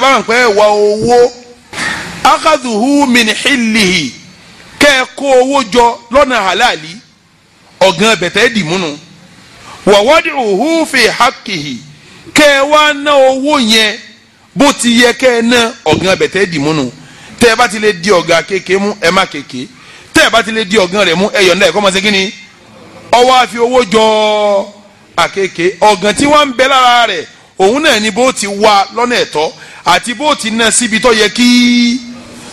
tẹ́ bá mọ̀ pé wà owó akaduhu min hilihi kó owó jọ lọ́nà halali ọ̀gán bẹ̀tẹ̀ dìmúnu wàwádìí òhu fi hakihi kẹ́ ẹ wá ná owó yẹn bó ti yẹ kẹ́ ẹ ná ọ̀gán bẹ̀tẹ̀ dìmúnu tẹ́ ẹ bá ti lè di ọ̀gá kéke mú ẹ má kéke tẹ́ bá ti lè di ọ̀gán rẹ̀ mú ẹ yọ̀ǹda ẹ̀ kọ́ máa ṣe kí ni ọwọ́ àfi owó jọ àkéke ọ̀gán tí wọ́n ń bẹ lára rẹ̀ òun náà ni bó ti wá lọ́nà ẹ̀tọ́ àti bó ti ná síbi tó yẹ kí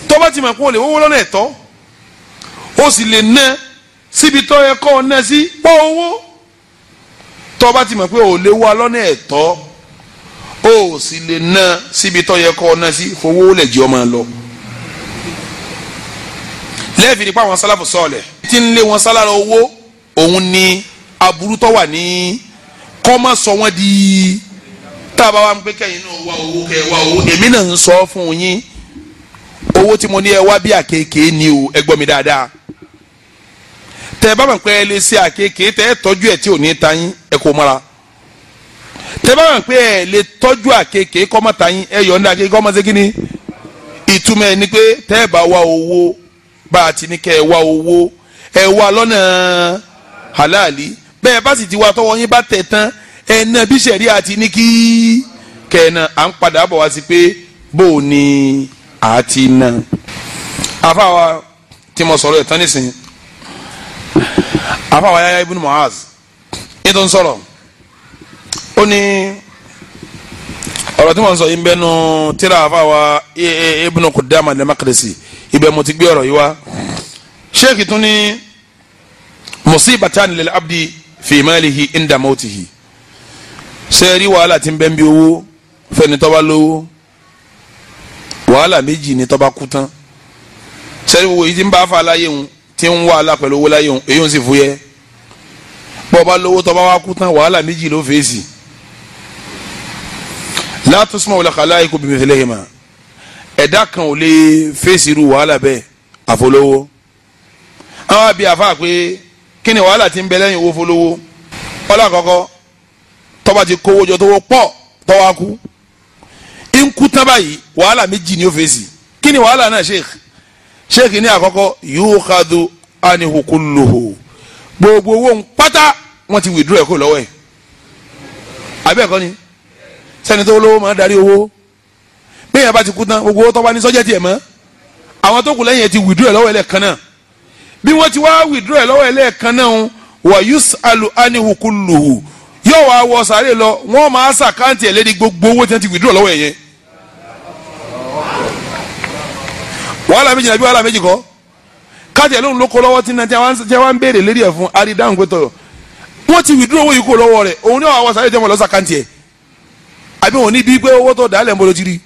tó bá ti mọ̀ pé o lè wọ́wọ́ lọ́nà ẹ̀tọ́ o sì lè ná síbi tó yẹ kó o ná sí pọ́ owó tó bá ti mọ̀ pé o lè wá lọ́nà ẹ̀tọ́ o sì lè ná síbi tó yẹ kó ná sí fowó lè jẹ́ ọmọ lọ. lẹ́ẹ̀fì nípa àwọn sálàfù sọ̀ọ̀lẹ̀ tí ń lé wọn sálàrà owó òun ni aburú tó wà ní kọ́ máa sọ wọ́n di tá a bá wà ń pé kẹ́yìn náà wá owó kẹ́ wá owó èmi náà ń sọ fún yín owó tí mo ní ẹ wá bí àkekèé ni o ẹ gbọ́ mi dáadáa tẹ bá mọ̀ pé ẹ lè ṣe àkekèé tẹ ẹ tọ́jú ẹ tí ò ní ta yín ẹ kò mọ́ra tẹ bá mọ̀ pé ẹ lè tọ́jú àkekèé kọ́ mọ́ ta yín ẹ yọ̀ ní àkekèé kọ́ mọ́ ṣe kí ni ìtumọ̀ ẹ ni pé tẹ ẹ bá wá owó bá a ti ní kẹ́ ẹ wá owó ẹ wá lọ́nà halali bẹ́ẹ̀ bá sì ti wá tọwọ́ yín bá tẹ̀ tán ẹ̀nà bí sẹ̀rí àti ní kí kẹ̀nà à ń padà bọ̀ wá sí pé bó o ní àti nà. àfàwà tí mo sọ̀rọ̀ ẹ̀tàn nísìnyí àfàwà yáyá ibùdó Mu'az ní tó ń sọ̀rọ̀ ó ní ọ̀rọ̀ tí mo ń sọ yìí ń bẹ́nu tíra àfàwà ibùdó Qudama al-Maqdisi ibẹ̀ mo ti gbé ọ̀rọ̀ yìí wá sheikh tún ní musibatan lil abdi fi hi inda hi sẹ́ẹ̀rí wàhálà ti ń bẹ́ ń bí owó fẹ́ni tó bá lówó wàhálà méjì ni tó bá kú tán sẹ́ẹ̀rí wo yìí ti ń bá fa láyé òun ti ń wàhálà pẹ̀lú owó láyé òun èyí ò sì fúyẹ́ bó bá lówó tó bá wá kú tán wàhálà méjì ló fèsì látúnṣmọ̀ wọlé kàlá ikú bìbí fẹlẹ́ yìí mà ẹ̀dá kan ò lè fèsì irú wàhálà bẹ́ẹ̀ àfọlọ́wọ́ àwọn àbí àfa pé kí ni wàhálà ti ń bẹ lẹ́yìn owó fọlọ́wọ́ ọlọ́ àkọ́kọ́ tọ́ba ti kówó jọ tówó pọ̀ tọ́wá kú nkú tán báyìí wàhálà méjì ni ó fèsì kí ni wàhálà náà sheikh sheikh ní àkọ́kọ́ yóò kadù anihukuluhu gbogbo owó ń pátá wọ́n ti withdraw ẹ̀kọ́ lọ́wọ́ ẹ̀ àbí ẹ̀kọ́ ni sẹ́ni tó lówó máa darí owó bẹ́ẹ̀ bá ti kú tán gbogbo owó tó bá ní sọ́jẹ́ tiẹ̀ mọ́ àwọn tó kù lẹ́yìn ẹ̀ ti withdraw lọ́wọ́ ẹ̀ náà bí wọ́n ti wá withdraw lọ́wọ́ ẹ̀ lẹ́ẹ̀kan náà wà yus'alu anihukuluhu yóò wá wọ sàárè lọ wọ́n máa ṣàkáǹtì ẹ̀ lẹ́ni gbogbo owó tí wọ́n ti wìdúrọ̀ lọ́wọ́ ẹ̀ yẹn. wàhálà méjì nàbí wàhálà méjì kọ́ káàtì ẹ̀ lóhùn ló kọ́ lọ́wọ́ tí wọ́n wá ń béèrè lérí ẹ̀ fún àrídáhùn pé tọ̀ wọ́n ti wìdúrọ̀ owó yìí kó lọ́wọ́ rẹ̀ òun yóò wá wọ sàárè tẹ́wọ̀n lọ ṣàkáǹtì ẹ̀ àbí wọn ní bí pé owó tó dálẹ̀ ń bolo jiri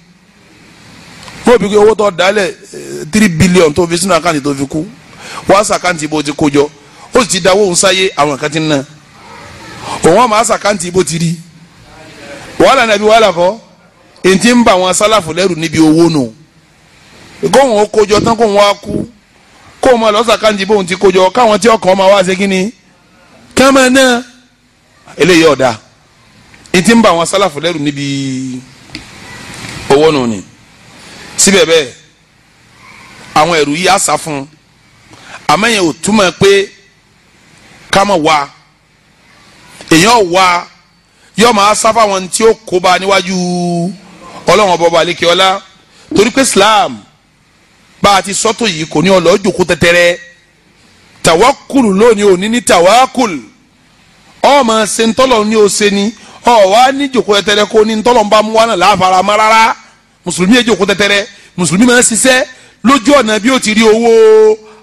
wọ́n bí pé owó tó dálẹ̀ eh, three billion tó fi sínú àkáǹtì tó fi kú wọ́n á ṣàkáǹtì bó ti kó jọ ó sì ti dáwọ́ òun òun ọmọ àṣàkáǹtì ibo ti rí wàhálà nàbí wàhálà kọ́ ètí ń bà wọn sálàfù lẹ́rù níbi owó nù kóhùn ó kójọ tán kóhùn wá kú kóhùn máa lọ́sàkáǹtì bóhùn ti kójọ káwọn tí ọkàn máa wá ṣe kí ni kẹ́mẹ́ náà eléyìí ọ̀dà ètí ń bà wọn sálàfù lẹ́rù níbi owó nù ni síbẹ̀ bẹ́ẹ̀ àwọn ẹ̀rù yìí á sá fún un ò túmọ̀ pé ká mọ̀ wá èèyàn wá yóò máa sáfà wọn tí ó kóba níwájú ọlọ́wọ́n bọ́ba alekeola torí pé Islam bá a ti sọ́tò yìí kò ní ọlọ́jòkó tẹ́tẹ́rẹ́ tàwákùlù lónìí òní ní tàwákùlù ọmọ ṣe ńtọ́lọ̀ ní o ṣe ni ọ̀wá ní jòkó tẹ́tẹ́rẹ́ kó ní ńtọ́lọ̀ ń bá mú wa náà láfara má rárá mùsùlùmí yẹ jòkó tẹ́tẹ́rẹ́ mùsùlùmí máa ń ṣiṣẹ́ lójú ọ̀nà bí ó ti rí owó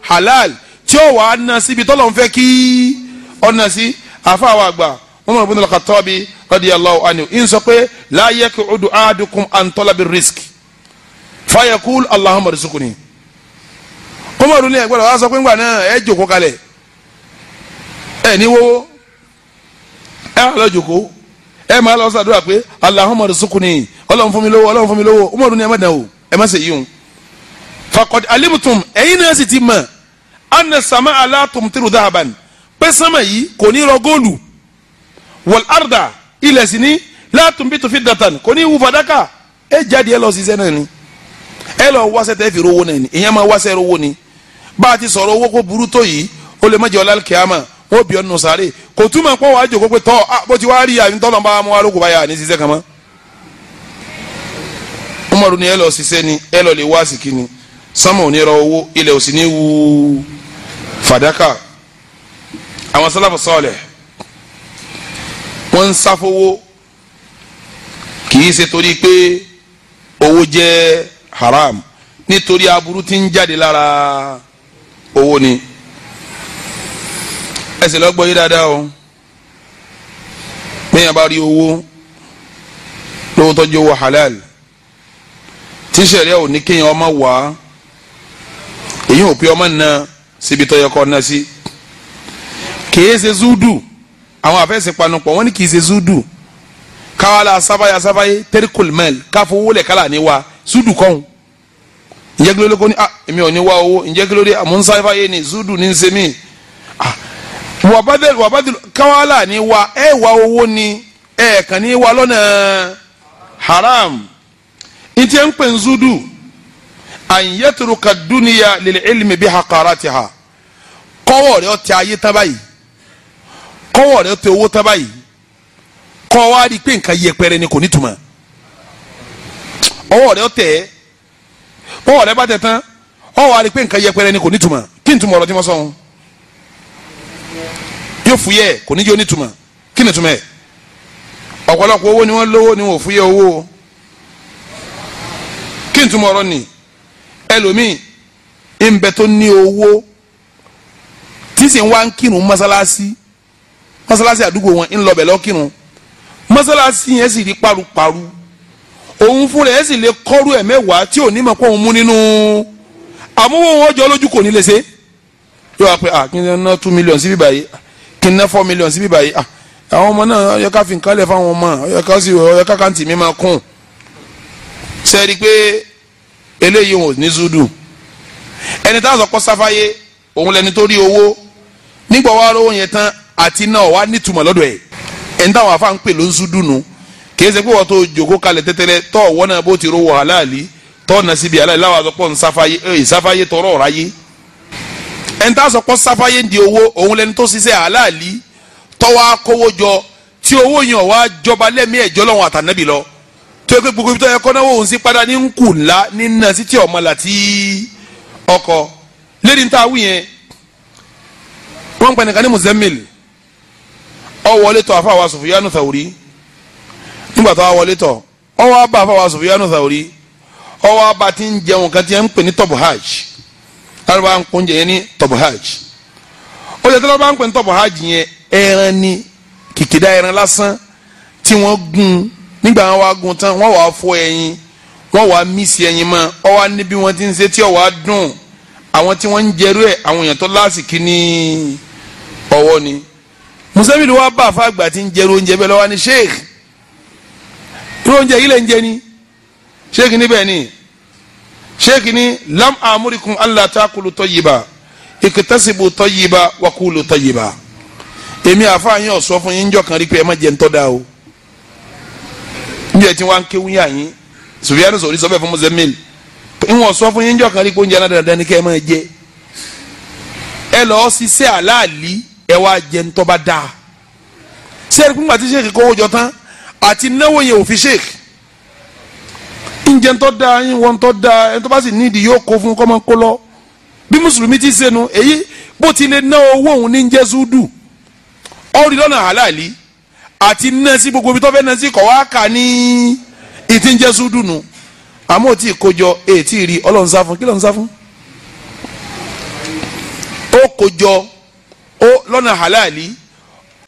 halal tí ó wàá ná síbi tọ́lọ̀ ń fẹ́ kí ọ̀nà sí. Si àfàwọ̀ àgbà Umar ibn al-Khattabi radiyallahu anhu ń sọ pé la yakudu ahadukum an talabi risk fayakul Allahumma rizukuni Umar ní ẹgbẹ́ rẹ̀ wá sọ pé ńgbà náà ẹ jòkó kalẹ̀ ẹ ní wọ́wọ́ ẹ wà lọ jòkó ẹ máa lọ sàdúrà pé Allahumma rizukuni Ọlọ́run fún mi lówó Ọlọ́run fún mi lówó Umar ní ẹ má dàn o ẹ má ṣe yíyún fakọ̀dé alimutum ẹ̀yin náà sì ti mọ̀ anna sama ala tumtiru dahaban pé sánmà yìí kò ní rọ góòlù wal arda ilẹ̀ sì ní látùnbí tó fi dàtàn kò ní wù fàdákà ẹ jáde ẹ lọ ṣiṣẹ́ náà ni ẹ lọ wáṣẹ tẹ́ fi rówó náà ni ìyẹn máa wáṣẹ rówó ni bá a ti sọ̀rọ̀ owó kó burú tó yìí ó lè má jẹ́ ọlá kíámà wọ́n bí ọ̀nà sáré kò túmọ̀ pọ̀ wá jòkó pé tọ́ bó ti wá rí àmì tọ́lọ́ bá mú wa lóko ní ṣiṣẹ́ kan mọ́. ni ẹ lọ ṣiṣẹ́ ni ẹ lọ lè wá àsìkí ni sánmà ò ní rọ owó ilẹ̀ ò ní wú fàdákà àwọn sálàfù sọ́ọ̀lẹ̀ wọ́n ń sáfowó kì í ṣe torí pé owó jẹ́ haram nítorí aburú tí ń jáde lára owó ni ẹsẹ̀ lọ́gbọ́n yìí dáadáa o bẹ́ẹ̀ bá rí owó lówó tọ́jú owó halal tí sẹ̀ríà ò ní kéèyàn ọmọ wá èyí ò pé ọmọ náà síbi tó kọ́ náà sí. Si kìí ṣe zudu àwọn àfẹsẹ̀ panupọ̀ wọ́n ní kìí ṣe zudu káwala sábàyà sábàyà tẹ́ríkùl mẹ́l káfowólẹ̀ kálá ní wa zudu kọ́hún ǹjẹ́ kí ló dé kó ní ah èmi ò ní wá owó ǹjẹ́ kí ló dé àmú ah, sáfàyà ni zudu ní ṣe mí ah wàbádẹ́l wàbádẹ́l wa ẹ̀ wá owó ni ẹ̀ kàn ní wa lọ́nà haram ntí ẹ̀ ń pè ń zudu àyẹ̀tùrù kàdúnìyà lil ilmi bí hakaratiha kọ́wọ́ rẹ̀ ọ̀tí ayé tábàyìí kọ́wọ́ rẹ tẹ owó tán báyìí kọ́ wa rí i pé nǹkan yẹpẹrẹ ni kò ní tuma ọwọ́ rẹ tẹ ọwọ́ rẹ bá tẹ tán ọwọ́ rí i pé nǹkan yẹpẹrẹ ni kò ní tuma kí ni tuma ọ̀rọ̀ tí mo sọ wọn yóò fúyẹ́ kò ní jẹ́ onítuma kí ni tuma yẹ ọ̀pọ̀lọpọ̀ owó ni wọ́n lówó ni wọ́n fúyẹ́ owó kí ni tuma ọ̀rọ̀ ni ẹlòmíì ń ní owó tí sì ń wá ń kírun mọ́sálásí mọ́sálásí àdúgbò wọn ń lọbẹ̀ lọ́kìrun mọ́sálásí yẹn sì rí paruparu òun fún rẹ̀ ẹ̀ sì lè kọ́rú ẹ̀ mẹ́wàá tí ò ní mọ̀ pé òun mú nínú àmúwò wọn jọ lójú kò ní lè ṣe yóò wá pé kí n ná two million síbí báyìí kí n ná four million síbí báyìí ah àwọn ọmọ náà ọyọ ká fi nǹkan lẹ̀ fáwọn ọmọ ọyọ ká sì ọyọ ká kàǹtì mi máa kún sẹ́ẹ̀rí pé eléyìí wọn ò ní zúdù ẹni tá a sọ pọ́ sáfáyé òun lẹni tó rí owó nígbà wàá rówó yẹn tán àti iná ọ̀wá nítumọ̀ lọ́dọ̀ ẹ̀ ẹni táwọn afa ń pè ló ń súdùnú kìí ṣe pé wọ́n tó jòkó kalẹ̀ tẹ́tẹ́lẹ́ tọ́ ọ̀wọ́ náà bó ti ro wọ̀ aláàlí tọ́ ọ̀nà síbi aláàlí láwọn àtọ́pọ̀ nsáfáyé ìsáfáyé tọrọ ọ̀rá yé ẹni tá a sọ sáfáyé di owó òun lẹni tó ṣiṣẹ́ aláàlí tọ́wọ́ akówó jọ tí owó yẹn wá jọba lẹ́mìí ẹ̀jọ́ lọ́wọ́ àtànẹ́bì lọ tí o pé gbogbo ibi tó yẹ kọ́ náwó òun sí padà ní nkù ńlá ní ọ wọlé tọ̀ àfa wa Sufyanu Thawri nígbà tó wa wọlé tọ̀ ọ wá bá àfa wa Sufyanu Thawri ọ wá bá ti ń jẹun kan ti ń pè ní tọbuhaj lárúbá ń kún jẹ yẹn ní tọbuhaj ó yẹ tí lárúbá ń pè ní tọbuhaj yẹn ẹran ni kìkìdá ẹran lásán tí wọ́n gún nígbà wọn wá gún tán wọ́n wá fọ ẹyin wọ́n wá mísì ẹyin mọ́ ọ wá níbi wọ́n ti ń ṣe tí ọ wá dùn àwọn tí wọ́n ń jẹrú ẹ̀ àwọn èèyàn tó láàsì kí ní ọwọ́ ni. Museveni wá bá àfa àgbà tí ń jẹrú oúnjẹ bẹ́ẹ̀ lọ́wọ́ ni sheikh irú oúnjẹ yìí lè ń jẹ ni sheikh níbẹ̀ ni sheikh ni lam amurikum allah takulu tọyiba ikitasibu tọyiba wakulu tọyiba èmi àfa yín ọ̀sọ́ fún yín njọ́ kan rí pé ẹ má jẹ ntọ́ da o njẹ́ tí wọ́n á ń kéwú yà yín sùfìyàn sọ̀rí sọ́fẹ̀ fún Museveni ìwọ̀n sọ fún yín njọ́ kan rí pé oúnjẹ náà ni kẹ́ ẹ má jẹ ẹ lọ́ọ́ ṣiṣẹ́ àlàálí ẹ wá jẹ ntọ́ dáa sẹ́ẹ̀rì pípa tí sèkì kówó jọ tán àti náwó yẹn ò fi ǹjẹ́ ntọ́ da yín wọ́n ntọ́ da ẹni tó bá sì nídìí yóò kó fún kọ́mọ kó lọ bí mùsùlùmí ti sẹ́nu èyí bó ti lè ná owó òun ní jẹ́ zúdù ọ̀rí lọ́nà àlàálí àti ná sí gbogbo ibi tó fẹ́ ná sí kọ̀ wá kà ní ìtí ń jẹ́ zúdù nù àmọ́ tí kojọ ètí rí ọlọ́run kí lọ́run ó kojọ ó lọ́nà àlàálí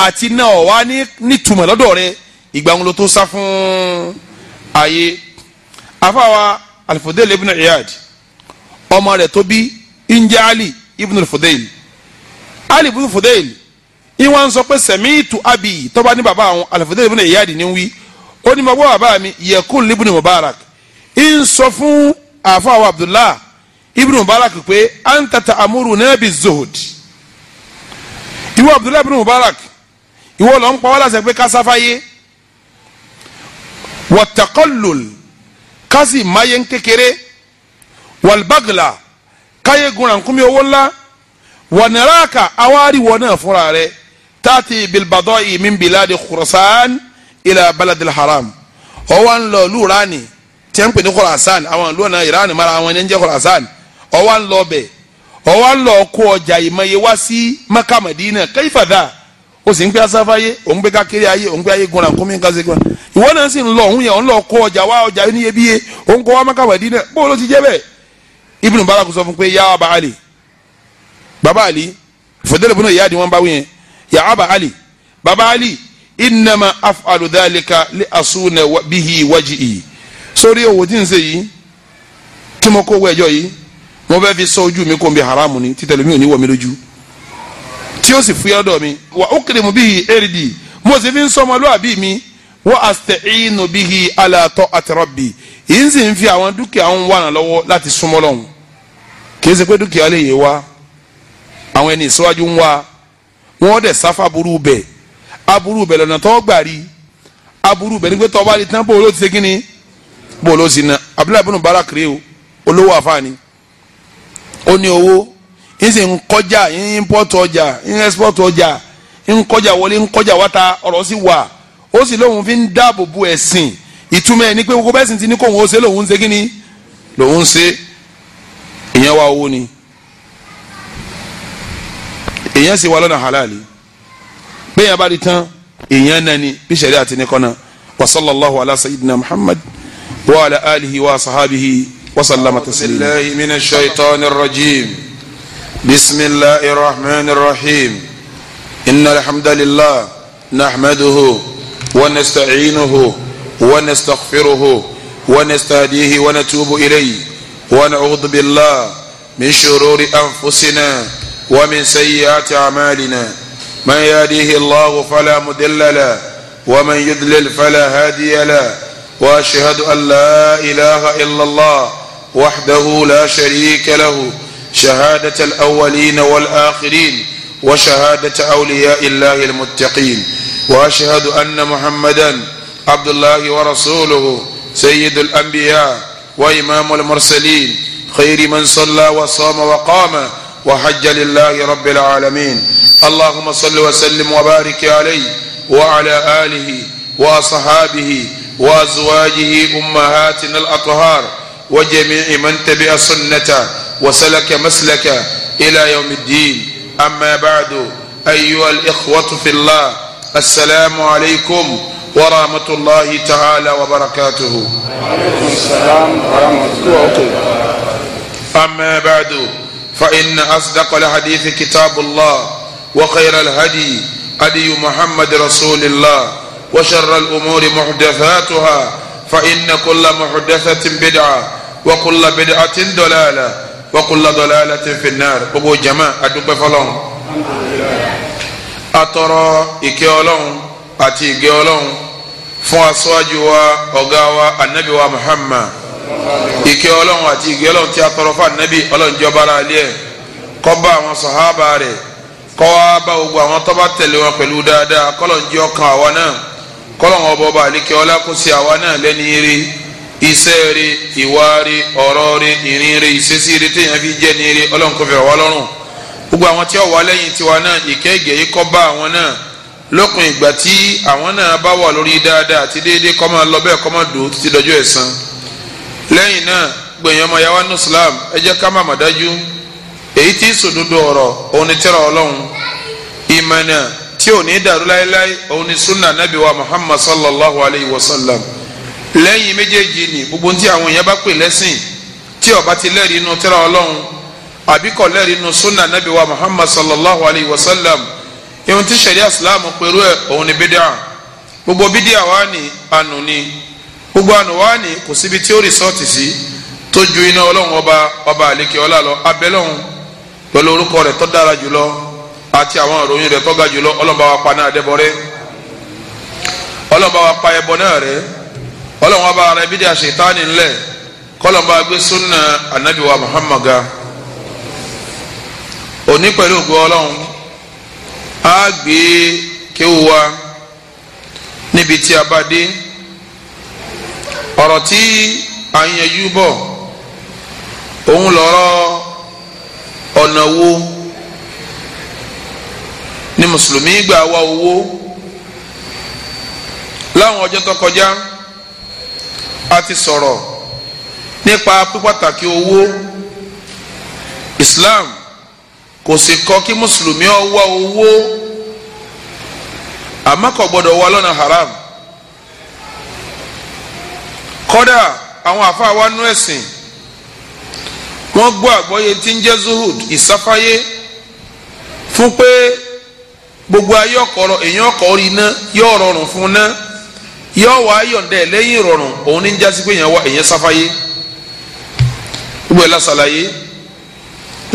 àti iná ọ̀wá nítumọ̀ lọ́dọ̀ rẹ ìgbà wọn ló tó sá fún ayé afáwa alifodel ibn iyad ọmọ rẹ tó bí injẹ ali ibn alifodel ali ibn alifodel ìwọ̀n sọ pé sẹ̀mìtù abi tọ́ba ní bàbá àwọn alifodel ibn iyad ni wí ó ní bàbá bàbá mi yẹkùn ibn mubarak ń sọ fún àfáwa abdullah ibn mubarak pé antata amuru nabi zohod ìwọ abdullah ibn mubarak ìwọ lọ ń pa wá láṣẹ pé ká sáfáyé wọtakọlùl kásì máyé ń kékeré wàlbàgìlà káyé gunrankumi owó ńlá wọnìràkà awáriwọ náà fúnra rẹ̀ tààtì bilbadọ min biladi khurasan ilà baladi haram ọwọ ń lọ lúrani tí ń pè ní khurasan àwọn ìlú náà iran mara àwọn ẹni ń jẹ khurasan ọwọ ń lọ bẹ ọwọ ń lọ kó ọjà ìmọye wá sí maka madina kẹfàdà. o sì ń gbé asáfá yé o ń gbé kakiri ayé o ń gbé ayé gunra nkó mi nǹkan ṣe gunra ìwọ náà sì ń lọ òun yẹn òun lọ wa ọjà wa ọjà o òun kó wá mọ́kàwá dín náà bó ló ti jẹ́ bẹ́ẹ̀ Ibn Barak sọ fún pé yá ọba Ali baba Ali fòtẹ́lẹ̀ bùnú ìyá àdìwọ́n bá wí yẹn yá ọba Ali baba Ali bihi wajhi sórí owó tí ṣe yìí mo kó owó ẹjọ́ yìí mo fẹ́ fi sọ ni ò ní wọ̀ mí tí ó sì fúyẹ́ ọ̀dọ̀ mi wà ó kiri mu bíi eridi mo sì fi ń sọmọ lóàbí mi wọ́n asta'inu bíi ala ta'ati rabbi yìí ń sì ń fi àwọn dúkìá ń wà lọ́wọ́ láti súnmọ́ lọ́hùn kì í ṣe pé dúkìá lè yé wa àwọn ẹni ìsíwájú ń wá wọ́n dẹ̀ sáfà burú bẹ̀ aburú bẹ̀ lọ́nà tó gbà rí aburú bẹ̀ nígbẹ́ tó bá rí tán bó ti ṣe kíni bó ló sì ná abdullahi bin barak o olówó àfáàní ó ní owó ń sì ń kọjá ń import ọjà ń export ọjà ń kọjá wọlé ń kọjá wáta ọ̀rọ̀ sì wà ó sì lóun fi ń dáàbò bo ẹ̀sìn ìtumọ̀ ẹ̀ ni pé gbogbo ẹ̀sìn ti ní kóun ó ṣe lòun ń ṣe kíni lòun ń ṣe èèyàn wá owó ni èèyàn sì wá lọ́nà halali bẹ́ẹ̀ bá di tán èèyàn náà ni bí sẹ́rí àti ní kọ́nà wa sallallahu alaihi Wa sayyidina muhammad wa ala alihi wa sahabihi wa sallama taslima. alhamdulilayi minash shaitanir rajim. بسم الله الرحمن الرحيم إن الحمد لله نحمده ونستعينه ونستغفره ونستهديه ونتوب إليه ونعوذ بالله من شرور أنفسنا ومن سيئات أعمالنا من يهديه الله فلا مضل له ومن يضلل فلا هادي له وأشهد أن لا إله إلا الله وحده لا شريك له شهادة الأولين والآخرين وشهادة أولياء الله المتقين وأشهد أن محمدا عبد الله ورسوله سيد الأنبياء وإمام المرسلين خير من صلى وصام وقام وحج لله رب العالمين اللهم صل وسلم وبارك عليه وعلى آله وأصحابه وأزواجه أمهاتنا الأطهار وجميع من تبع سنته وسلك مسلك إلى يوم الدين أما بعد أيها الإخوة في الله السلام عليكم ورحمة الله تعالى وبركاته وعليكم السلام ورحمة الله وبركاته أما بعد فإن أصدق الحديث كتاب الله وخير الهدي هدي محمد رسول الله وشر الأمور محدثاتها فإن كل محدثة بدعة وكل بدعة ضلالة wa kullu dalalatin fin nar gbogbo jama adúpẹ́ fọ́lọ́run atọrọ ìkẹ́ Ọlọ́run àti ìgẹ́ Ọlọ́run fún aṣáájú wa ọ̀gá wa anabi wa muhammad ìkẹ́ Ọlọ́run àti ìgẹ́ Ọlọ́run tí a fún anabi Ọlọ́run jọba ara alẹ àwọn sàhábà rẹ̀ kó wá gbogbo àwọn tó bá wọn pẹ̀lú dáadáa kọlọn jẹ ọkàn àwa náà kọlọn ọbọ bá àlekẹ ọlá kó sí àwa náà lẹni rí iṣẹ́ rẹ̀ ìwà rẹ̀ ọ̀rọ̀ rẹ̀ ìrìn rẹ̀ ìṣesí rẹ̀ téèyàn fi jẹ́ ní rẹ̀ ọlọ́run kò fẹ́ wá lọ́rùn gbogbo àwọn tí ó wà lẹ́yìn tiwa náà ìkẹ́ ìgẹ̀ yìí kó bá àwọn náà lópin ìgbà tí àwọn náà bá wà lórí dáadáa àti déédéé kó máa lọ bẹ́ẹ̀ kó máa dùn títí dọjọ́ ẹ̀san lẹ́yìn náà gbẹ̀yìn ọmọ yàwá ní Islam ẹ jẹ́ ká má má èyí tí sòdodo ọ̀rọ̀ òun ni tẹ́ra ọlọ́run ìmọ̀nà tí ò ní dàrú láéláé òun ni sunna nabi wa Muhammad sallallahu alayhi wa sallam lẹ́yìn méjèèjì ni gbogbo tí àwọn èèyàn bá pè lẹ́sìn tí ó ti lẹ́rìí inú tírà ọlọ́run àbí kò lẹ́rìí inú sunna nabi wa muhammad sallallahu alayhi wa sallam pẹ̀lú ẹ̀ òun ni gbogbo bídíà wa ni ànú gbogbo ànú wa ni kò síbi tí ó rìsọ́ọ̀tì sí tó ju iná ọlọ́run ọba ọba àlekè ọlá lọ pẹ̀lú orúkọ rẹ̀ dára jùlọ àti àwọn ìròyìn rẹ̀ pa náà ọlọ́run pa ẹbọ náà ọlọ́run ọba ara ibi dí a ṣètáni ńlẹ̀ kọ́lọ́n bá gbé súnà anabi wa muhammad ga òní pẹ̀lú ògbó ọlọ́run á gbé kéwù wa níbi tí a bá dé ọ̀rọ̀ tí a ń yẹjú bọ̀ òun lọ́rọ̀ ọ̀nà wo ni mùsùlùmí gbà wá owó láwọn ọjọ́ tó kọjá. a ti sọ̀rọ̀ nípa pípàtàkì owó Islam kò sì kọ́ kí mùsùlùmí ó wá owó àmọ́ kò gbọ́dọ̀ wá lọ́nà haram kọ́dà àwọn àfáà wa nú ẹ̀sìn wọ́n gbọ́ àgbọ́yé tí ń jẹ́ zuhud ìsáfáyé fún pé gbogbo ayé ọ̀kọ̀rọ̀ èèyàn ọ̀kọ̀ orí iná yóò rọrùn fún náà yọ wà á yọ̀ǹda ẹ̀ lẹ́yìn ìrọ̀rùn òun ní ń jásí pé èèyàn wá èèyàn sáfáyé gbogbo ẹ̀ lásàlàyé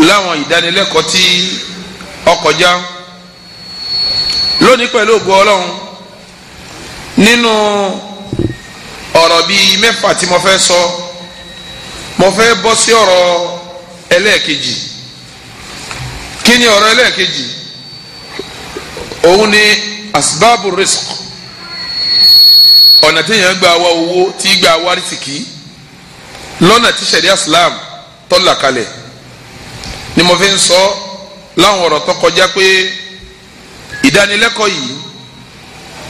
láwọn ìdánilẹ́kọ̀ọ́ tí ọkọjá lónìí pẹ̀lú ògo ọlọ́run nínú ọ̀rọ̀ bíi mẹ́fà tí mo fẹ́ sọ mo fẹ́ bọ́ sí ọ̀rọ̀ ẹlẹ́ẹ̀kejì kí ni ọ̀rọ̀ ẹlẹ́ẹ̀kejì òun ni asbabu rizq ọ̀nà téèyàn gba wa owó tí gba wa rìsìkì lọ́nà tí sẹ̀ríà Islam tó là kalẹ̀ ni mo fi ń sọ láwọn ọ̀rọ̀ tó kọjá pé ìdánilẹ́kọ̀ọ́ yìí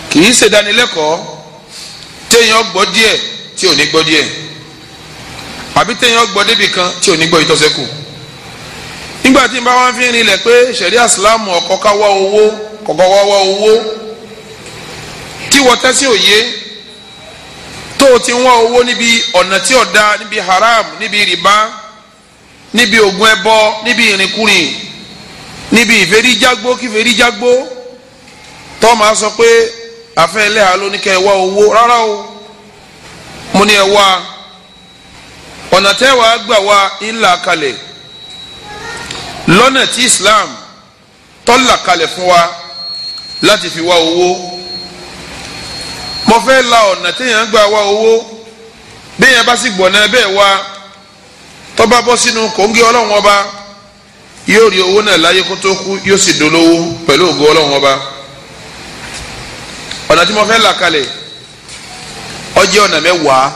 kì í ṣe ìdánilẹ́kọ̀ọ́ téèyàn gbọ́ díẹ̀ tí ò ní gbọ́ díẹ̀ àbí téèyàn gbọ́ débi kan tí ò ní gbọ́ ìtọ́sẹ́kù nígbà tí n bá wọn fi rinlẹ̀ pé sẹ̀ríà Islam ọ̀kọ́ká wá owó kọ̀kọ́ wá wá owó tí wọ́n tẹ́sí òye tó o ti ń wá owó níbi ọ̀nà tí ọ̀dá níbi haram níbi rìbá níbi ògùn ẹbọ níbi ìrìnkúrìn níbi ìfẹ́ríjágbó ki tó máa sọ pé àfẹ́ ẹlẹ́hà ló ní kẹ́ ẹ wá owó rárá o mo ní ẹ wá ọ̀nà tẹ́wàá gbà wá ńlá kalẹ̀ lọ́nà tí Islam tọ́lá kalẹ̀ fún wa láti fi wá owó. mo fẹ́ la ọ̀nà téèyàn gbà wá owó béèyàn bá sì gbọ̀nà bẹ́ẹ̀ wá tó bá bọ́ sínú kòńgé ọlọ́run ọba yóò rí owó náà láyé kó tó kú yóò sì dolówó pẹ̀lú ògo ọlọ́run ọba ọ̀nà tí mo fẹ́ là kalẹ̀ ó jẹ́ ọ̀nà mẹ́wàá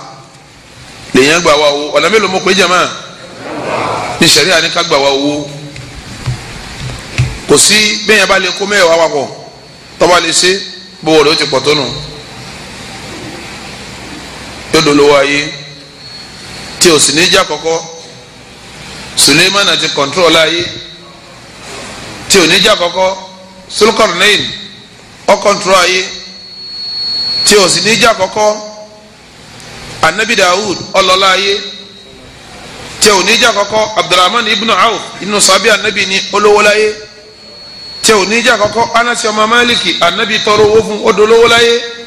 lèèyàn gbà wá owó ọ̀nà mélòó mo pè jàmá ní sẹ̀rí àníká gbà wá owó kò sí béèyàn bá lè kó mẹ́wàá wá pọ̀ tó lè ṣe bó wọlé ó ti pọ̀ tó yóò dolówó ayé tí o sì ní já kọ́kọ́ Suleiman àti kọ̀ntrol ayé tí o ní já kọ́kọ́ Sulkarnain ọkọ̀ntrol ayé tí o sì ní já kọ́kọ́ Anabi Dawud ọlọ́lá ayé tí o ní já kọ́kọ́ Abdulrahman ibn Awf inú sábì Anabi ní olówó láyé tí o ní já kọ́kọ́ Anasi ọmọ Maliki Anabi tọrọ owó fún odolówó láyé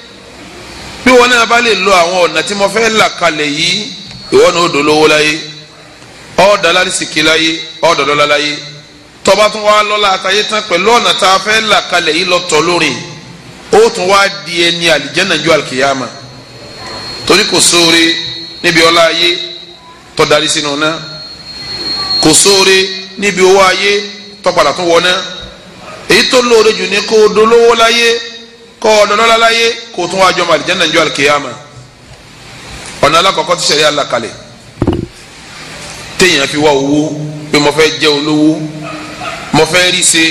bí wọn náà bá lè lo àwọn ọ̀nà tí mo fẹ́ là kalẹ̀ yìí ìwọ náà ó dolówó láyé ọ̀ọ́dà lálìsìkí láyé ọ̀ọ́dà lọ́lá láyé tọba tún wá lọ́la àtàyé tán pẹ̀lú ọ̀nà tá a fẹ́ là kalẹ̀ yìí lọ́tọ̀ lórí ó tún wá di ẹni àlìjẹ́nà ju àlìkìyàmà torí kò sóore níbi ọlá ayé tó darí sínú náà kò sóore níbi owó ayé tó padà tún wọ náà èyí tó lóore jù ní kó dolówó láyé kọ́ ọ̀nà láyé kó tún wá jọmọ àlìjáná njọ́ àlìkéyàmà ọ̀nà alákọ̀ọ́kọ́ ti sẹ̀rí àlàkalẹ̀ téèyàn fi wá owó pé mo fẹ́ jẹ́ olówó mo fẹ́ rí ṣe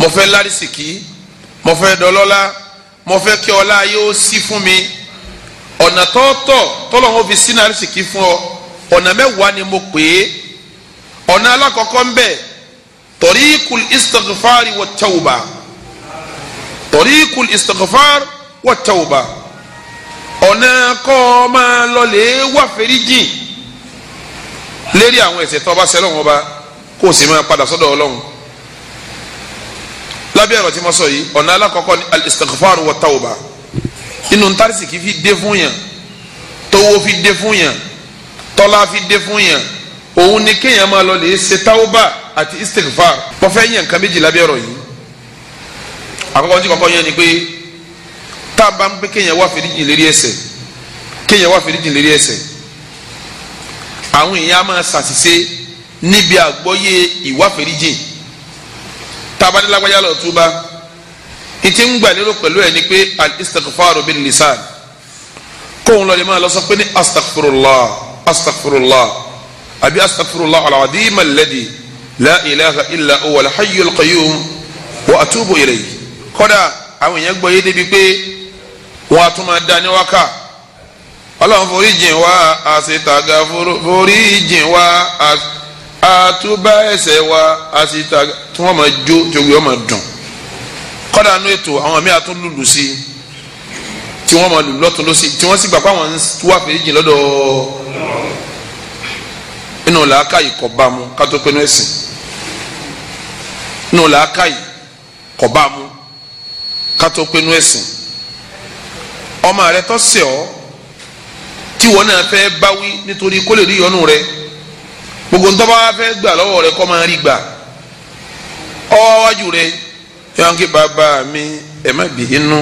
mo fẹ́ lárísìkí mo fẹ́ dọlọ́lá mo fẹ́ kí ọlá yóò sí fún mi ọ̀nà tọ́tọ̀ tọ́lọ́hún fi sí lárísìkí fún ọ ọ̀nà mẹ́wàá ni mo pè é ọ̀nà alákọ̀ọ́kọ́ ń bẹ tọ̀ríkùl istighfari wa tawba tọ̀ríkùl الاستغفار والتوبة tawba ọ̀nà kọ́ máa lọlé wà fẹ́ríjìn lérí àwọn ẹ̀ṣẹ̀ tó bá ṣẹ̀ lọ́wọ́ ọba kó o sì máa padà sọ́dọ̀ ọlọ́run lábẹ́ ọ̀rọ̀ tí mo sọ yìí ọ̀nà alákọ̀ọ́kọ́ ni al-istighfar wa tawba nínú ntarisi kì í fi dé fún yàn tówó fi dé fún yàn tọ́lá fi dé fún yàn òun ni kéèyàn máa lọ lè ṣe tawba àti istighfar mo fẹ́ yàn nǹkan méjì lábẹ́ ọ̀rọ̀ yìí àkọ́kọ́ tí kọ́kọ́ yẹn ni pé tá a bá ń pé kéèyàn wá fìdíjìn lérí ẹ̀ṣẹ̀ kéèyàn wá fìdíjìn lérí ẹ̀ṣẹ̀ àwọn èèyàn á máa ṣàṣìṣe níbi àgbọ́yé ìwá fìdíjìn tá a bá ní lágbájá lọ túbá ìtì ń gbà lérò pẹ̀lú ẹ̀ ni pé al-istighfaru bin lisan kóun lọ lè máa lọ sọ pé ní astaghfirullah astaghfirullah àbí astaghfirullah al-azim la ilaha illa huwa hayyul qayyum wa atubu ilayhi kódà àwọn èèyàn gbọ́ yé débi pé wọn a tún máa da ní wákà ọlọ́run forí jìn wá àṣetàgà forí jìn wá àtúbà ẹ̀ṣẹ̀ wá àṣetàgà tí wọ́n máa jó tí ogun yóò máa dùn kódà nú ètò àwọn míì àtún lùlù sí i tí wọ́n máa lù lọ́tún lọ́sí tí wọ́n sì gbà pé àwọn ń wá forí jìn lọ́dọ̀ inú làákàyè kọ̀ bá mu kátó pé nú ẹ̀sìn inú làákàyè kọ̀ bá mu ká tó pinnu ẹ̀sìn ọmọ rẹ tó ṣẹ̀ ọ́ tí wọn náà fẹ́ báwí nítorí kó lè rí ìyọ́nú rẹ gbogbo ń tọ́ba fẹ́ gbà lọ́wọ́ rẹ kọ́ máa rí gbà ọwọ́ wájú rẹ yọ̀ọ́ kí bàbá mi ẹ má bínú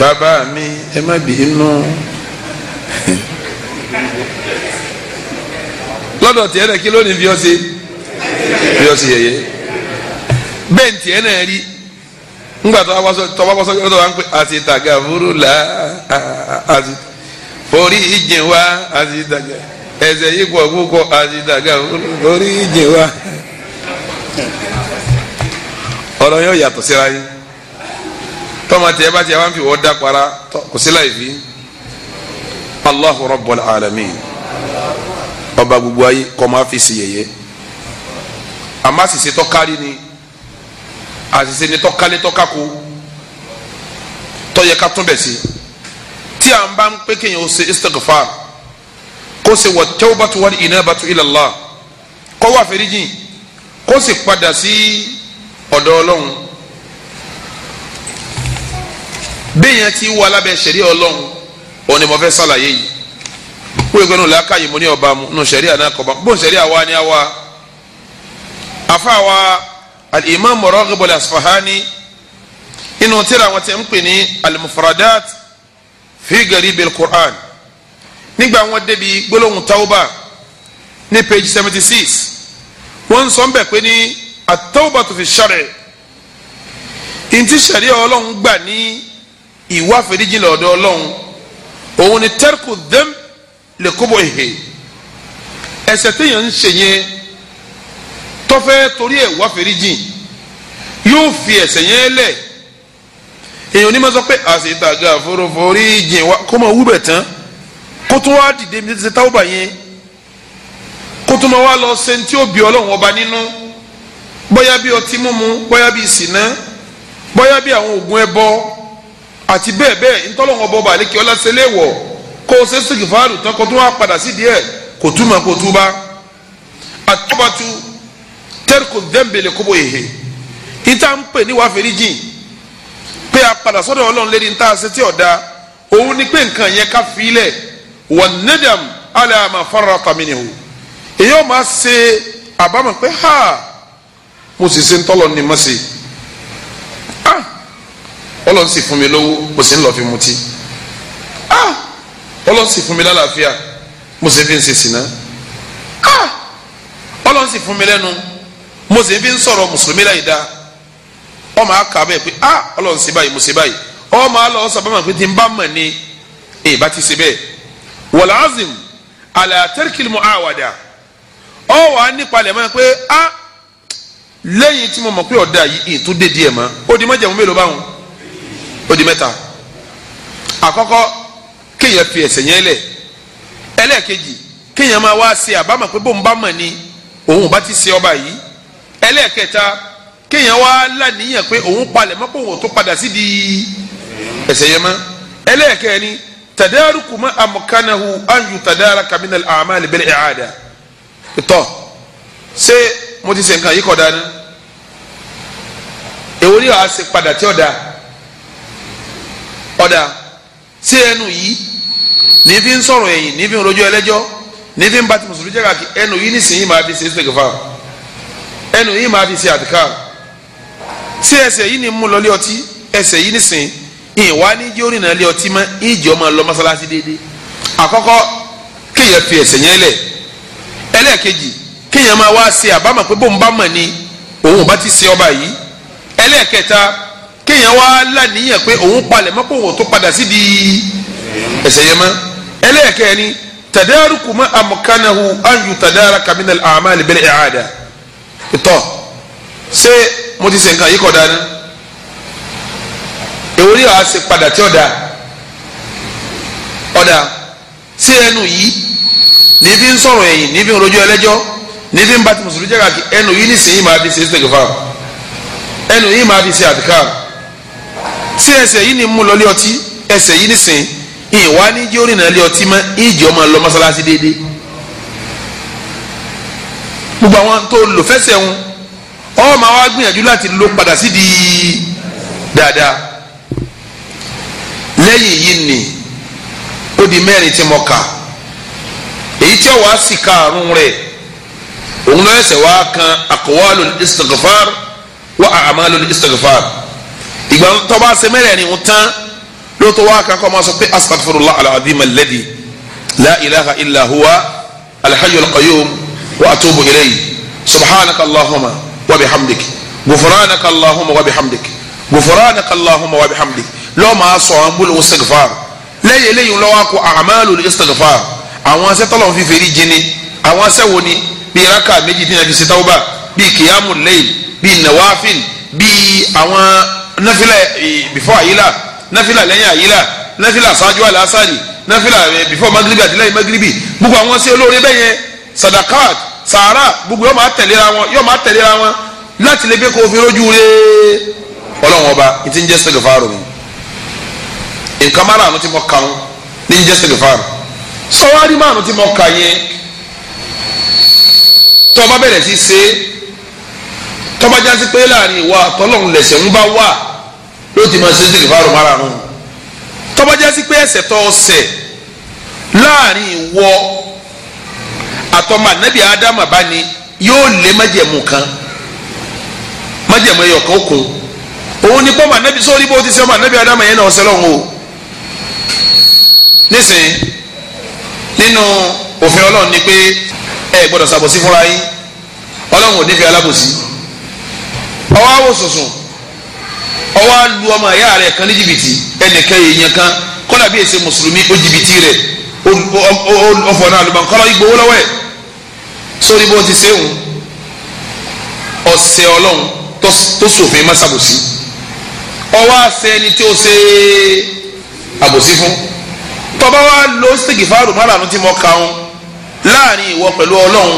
bàbá mi ẹ má bínú lọ́dọ̀ tiẹ̀ náà kí ló ní fi ọ́ sí fi ọ́ sí yẹ̀yẹ́ bẹ́ẹ̀ tiẹ̀ náà rí ńgbà tọ́ba bọ́sọ́ yọ̀rọ̀ tọ́ba ń pè àti tàgà fúrúlà àti orí ìjìn wa àti tàgà ẹsẹ̀ yìí pọ̀ púpọ̀ àti tàgà fúrúlà orí ìjìn wa. ọ̀rọ̀ yóò yàtọ̀ síra yín tọ́mọ tiẹ̀ bá tiẹ̀ wá ń fi wọ́n dá para kò sí láì fi Allahu Rabbul Alamin ọba gbogbo ayé kọ́ máa fi sí yẹ̀yẹ́ àmásìsì tọ́kárí ni àṣìṣe ni tọ́kálé tọ́kákó tọ́yẹ ká tún bẹ̀ sí tí a bá ń pé kéèyàn ó ṣe istighfar kó ṣe wọ tawbatu wal inabatu ila Allah kó wá àforíjìn kó sì padà sí ọ̀dọ̀ ọlọ́run bẹ́ẹ̀yẹn ti wà lábẹ́ ṣẹ̀rí ọlọ́run òun ni mo fẹ́ sàlàyé yìí wíwèé gbẹ́nu làákàyè mo ní ọba mu nù ṣẹ̀rí àná kọ́ba bó ṣẹ̀rí àwa ni àwa àfa àwa al-imam Raghib al-Asfahani inú tírà wọn ti ń pè ní al-mufradat fi garibi al-Qur'an nígbà wọn débi gbólóhùn tawba ní page seventy six wọ́n sọ bẹ́ẹ̀ pé ní at-tawbatu fi shar'i ntí sari Ọlọ́run gbà ní ìwà àforíjìn lọ́dọ̀ Ọlọ́run òun ni tarku dhanb li qubuhi ẹ̀ṣẹ̀ téèyàn ń ṣe yẹn tọ́fẹ́ torí ẹ̀ wá fèrèjìn yóò fi ẹ̀ṣẹ̀ yẹn lẹ̀ èèyàn ní ma sọ pé àṣetàgà foríjìn wa kó máa wúbẹ̀ tán kó tún wá dìde mi ṣe táwọn bà yẹn kó tún máa wá lọ ṣe tí ó bí ọlọ́run ọba nínú bóyá bí ọtí mímu bóyá bí ìsìná bóyá bí àwọn oògùn ẹbọ àti bẹ́ẹ̀ bẹ́ẹ̀ ntọ́lọ́run ọba ọba àlékè ọlá ṣe léèwọ̀ kó o ṣe sèkìfàárù tán kó tún wá padà sídìí ẹ̀ kó túmọ̀ kó túbá àtúbàtú tẹ́rìkù dẹ́nbẹ̀lẹ̀ kóbó èhè ìta ń pè ní wàá fèrè jìn pé a padà sọ́dọ̀ ọlọ́run lẹ́ni ń ta ṣe tí ọ̀dà òun ni pé nǹkan yẹn ká filẹ̀ wà nẹ́dàm aláàmà fara tàmínì o èyí ò máa ṣe àbámọ̀ pé ha mo sì ṣe ń tọ́lọ̀ ni ah! mo ṣe ah ọlọ́run sì fún mi lówó mo sì ń lọ fi mutí ah ọlọ́run sì fún mi lálàáfíà mo sì fi ń ṣe sìnà ah ọlọ́run sì fún mi lẹ́nu. mo ebi nsọrọ musulumi sọ̀rọ̀ mùsùlùmí láì ọmọ aka bẹ́ẹ̀ pé a ah, ọlọ́run ṣe báyìí mo ṣe ọmọ alọ́ sọ tí n bá mọ̀ ni èyí ti azim mu ọ wà á pé ah, lẹ́yìn tí mo mọ̀ pé ọ̀dà yìí dé díẹ̀ mọ́ ó di mẹ́jẹ̀ mú mélòó báwọn ó di mẹ́ta àkọ́kọ́ kéèyàn fi ẹ̀sẹ̀ yẹn lẹ̀ ẹlẹ́ẹ̀kejì kéèyàn máa wá àbámọ̀ pé ọba yìí ẹlẹ́ẹ̀kẹta kéèyàn wá láníyàn pé òun palẹ̀ mọ́ pé òun tó padà sí di ẹ̀ṣẹ̀ yẹn mọ́ ẹlẹ́ẹ̀kẹrin tadaruku ma amkanahu an yutadaraka min al-a'mal bil i'ada tọ́ ṣé mo ti ṣe nǹkan yìí kọ́ dáná èwo ni wàá ṣe padà tí ọ̀dà ọ̀dà sí ẹnu yìí ní fi ń sọ̀rọ̀ ẹ̀yìn ní fi ń rojọ́ ẹlẹ́jọ́ ní fi ń bá ti mùsùlùmí jẹ́ kàkí ẹnu yìí nísìnyí máa fi ṣe é ṣe kẹfà. ẹnu yìí máa fi ṣe àdìkà si ẹsẹ̀ yìí ni mú lọ lé ọtí ẹsẹ̀ yìí nìsín ìwà ní jẹ́ òrìnà lé ọtí mọ́ ìjì ọmọ lọ mọ́sálásí déédéé àkọ́kọ́ kéèyàn fi ẹsẹ̀ yẹn lẹ̀ ẹlẹ́ẹ̀kejì kéèyàn máa wá ṣe àbámọ̀ pé ni òun ò bá ti ṣe ọba yìí ẹlẹ́ẹ̀kẹta kéèyàn wá láníyàn pé òun palẹ̀ mọ́ òun tó padà sí di ẹsẹ̀ yẹn mọ́ ẹlẹ́ẹ̀kẹrin tàdáàrúkú mọ́ àmọ̀kánahu kàmínà bẹ́ẹ̀ tọ́ ṣé mo ti ṣe nǹkan yìí kọ̀ dáná èwo ni wàá ṣe padà tí ọ̀dà ọ̀dà sí ẹnu yìí ní fi ń sọ̀rọ̀ ẹ̀yìn ní fi ń rojú ẹlẹ́jọ́ ní fi ń bá ti mùsùlùmí jẹ́ kàkí ẹnu yìí nísìnyí máa fi ṣe ṣègbèfà ẹnu yìí máa fi ṣe àdìkà sí ẹsẹ̀ yìí ni mú lọ lé ọtí ẹsẹ̀ yìí nísìnyí ìwà ní jẹ́ orin náà lé ọtí mọ́ ìjọ máa lọ mọ́sálásí déédéé gbogbo àwọn tó lò fẹsẹ̀ ń ọ máa wá gbìyànjú láti lò padà sí di dáadáa lẹ́yìn yìí ni ó di mẹ́rin tí mo kà èyí tí ó wàá sì ka àrùn rẹ̀ òun náà ẹsẹ̀ wàá kan aqwalul istighfar wa a'malul istighfar ìgbà tó bá ṣe mẹ́rẹ̀ẹ̀rin ń tán ló tó wàá kan kọ́ máa sọ pé astaghfirullah al-azim alladhi la huwa al qayyum wa atubu سبحانك اللهم وبحمدك wa اللهم وبحمدك allahumma اللهم وبحمدك gufuranaka allahumma wa bihamdik lọ́ọ́ máa sọ àwọn búlọ̀ istighfar lẹ́yìn eléyìí lọ́wọ́ kó àmàlù istighfar àwọn asẹ́ tọ́lọ̀ fi fèrè jini àwọn asẹ́ wo ni raka méjì dín àfi sitawuba bíi kiyamu lẹ́yìn bíi nawafil bíi àwọn nafila before ayila nafila lẹ́yìn ayila nafila ṣáájú alasari nafila before magribi àti lẹ́yìn magribi gbogbo àwọn asẹ́ olóore bẹ́yẹn sadakat sahara gbogbo yóò máa tẹ̀léra wọn yóò máa tẹ̀léra wọn láti lè gbé kó o fi rójú re ọlọ́run ọba n ti ń jẹ́ sẹ́gẹ̀fàrò mi nǹkan márùn-ún ti mọ kàn ní ń jẹ́ sẹ́gẹ̀fàrò sọwárí márùn-ún ti mọ kàn yẹn tó bá bẹ̀rẹ̀ sí ṣe tó bá jásí pé láàrin ìwà àtọ́lọ́run lẹ̀sẹ̀ ń bá wà ló ti máa ṣe sẹ́gẹ̀fàrò márùn-ún tó bá pé ẹ̀ṣẹ̀ tó ọ̀sẹ̀ láàrin ìwọ àtọmọ anabi adama bá ní yóò lé májẹ̀mú kan májẹ̀mú ẹyọ kan kún òun ni pọ́nmọ anabi sórí bó ti sẹ́ ọmọ anabi adama yẹn náà ọ̀sẹ̀ lọ́hùn o nísìnyí nínú òfin ọlọ́run ni pé ẹ gbọ́dọ̀ ṣàbòsí fúnra yín ọlọ́run ò ní fi alábòsí ọwọ́ àwò sùnsùn ọwọ́ alu ọmọ ẹ̀yà rẹ̀ kan ní jìbìtì ẹnìkan èèyàn kan kọ́lá bí èsè mùsùlùmí ó jìbìtì rẹ̀ ọ̀fọ̀nà àlùbọ̀nkọ́lá yìí gbowó lọ́wọ́ ẹ̀ sórí bó ti séhùn ọ̀sẹ̀ ọlọ́run tó sòfin má ṣàbòsí ọwọ́ àṣẹ ẹni tí ó ṣe àbòsí fún tọba wa lo sìgìfàrù márùn tí mo kà ń láàrin ìwọ pẹ̀lú ọlọ́run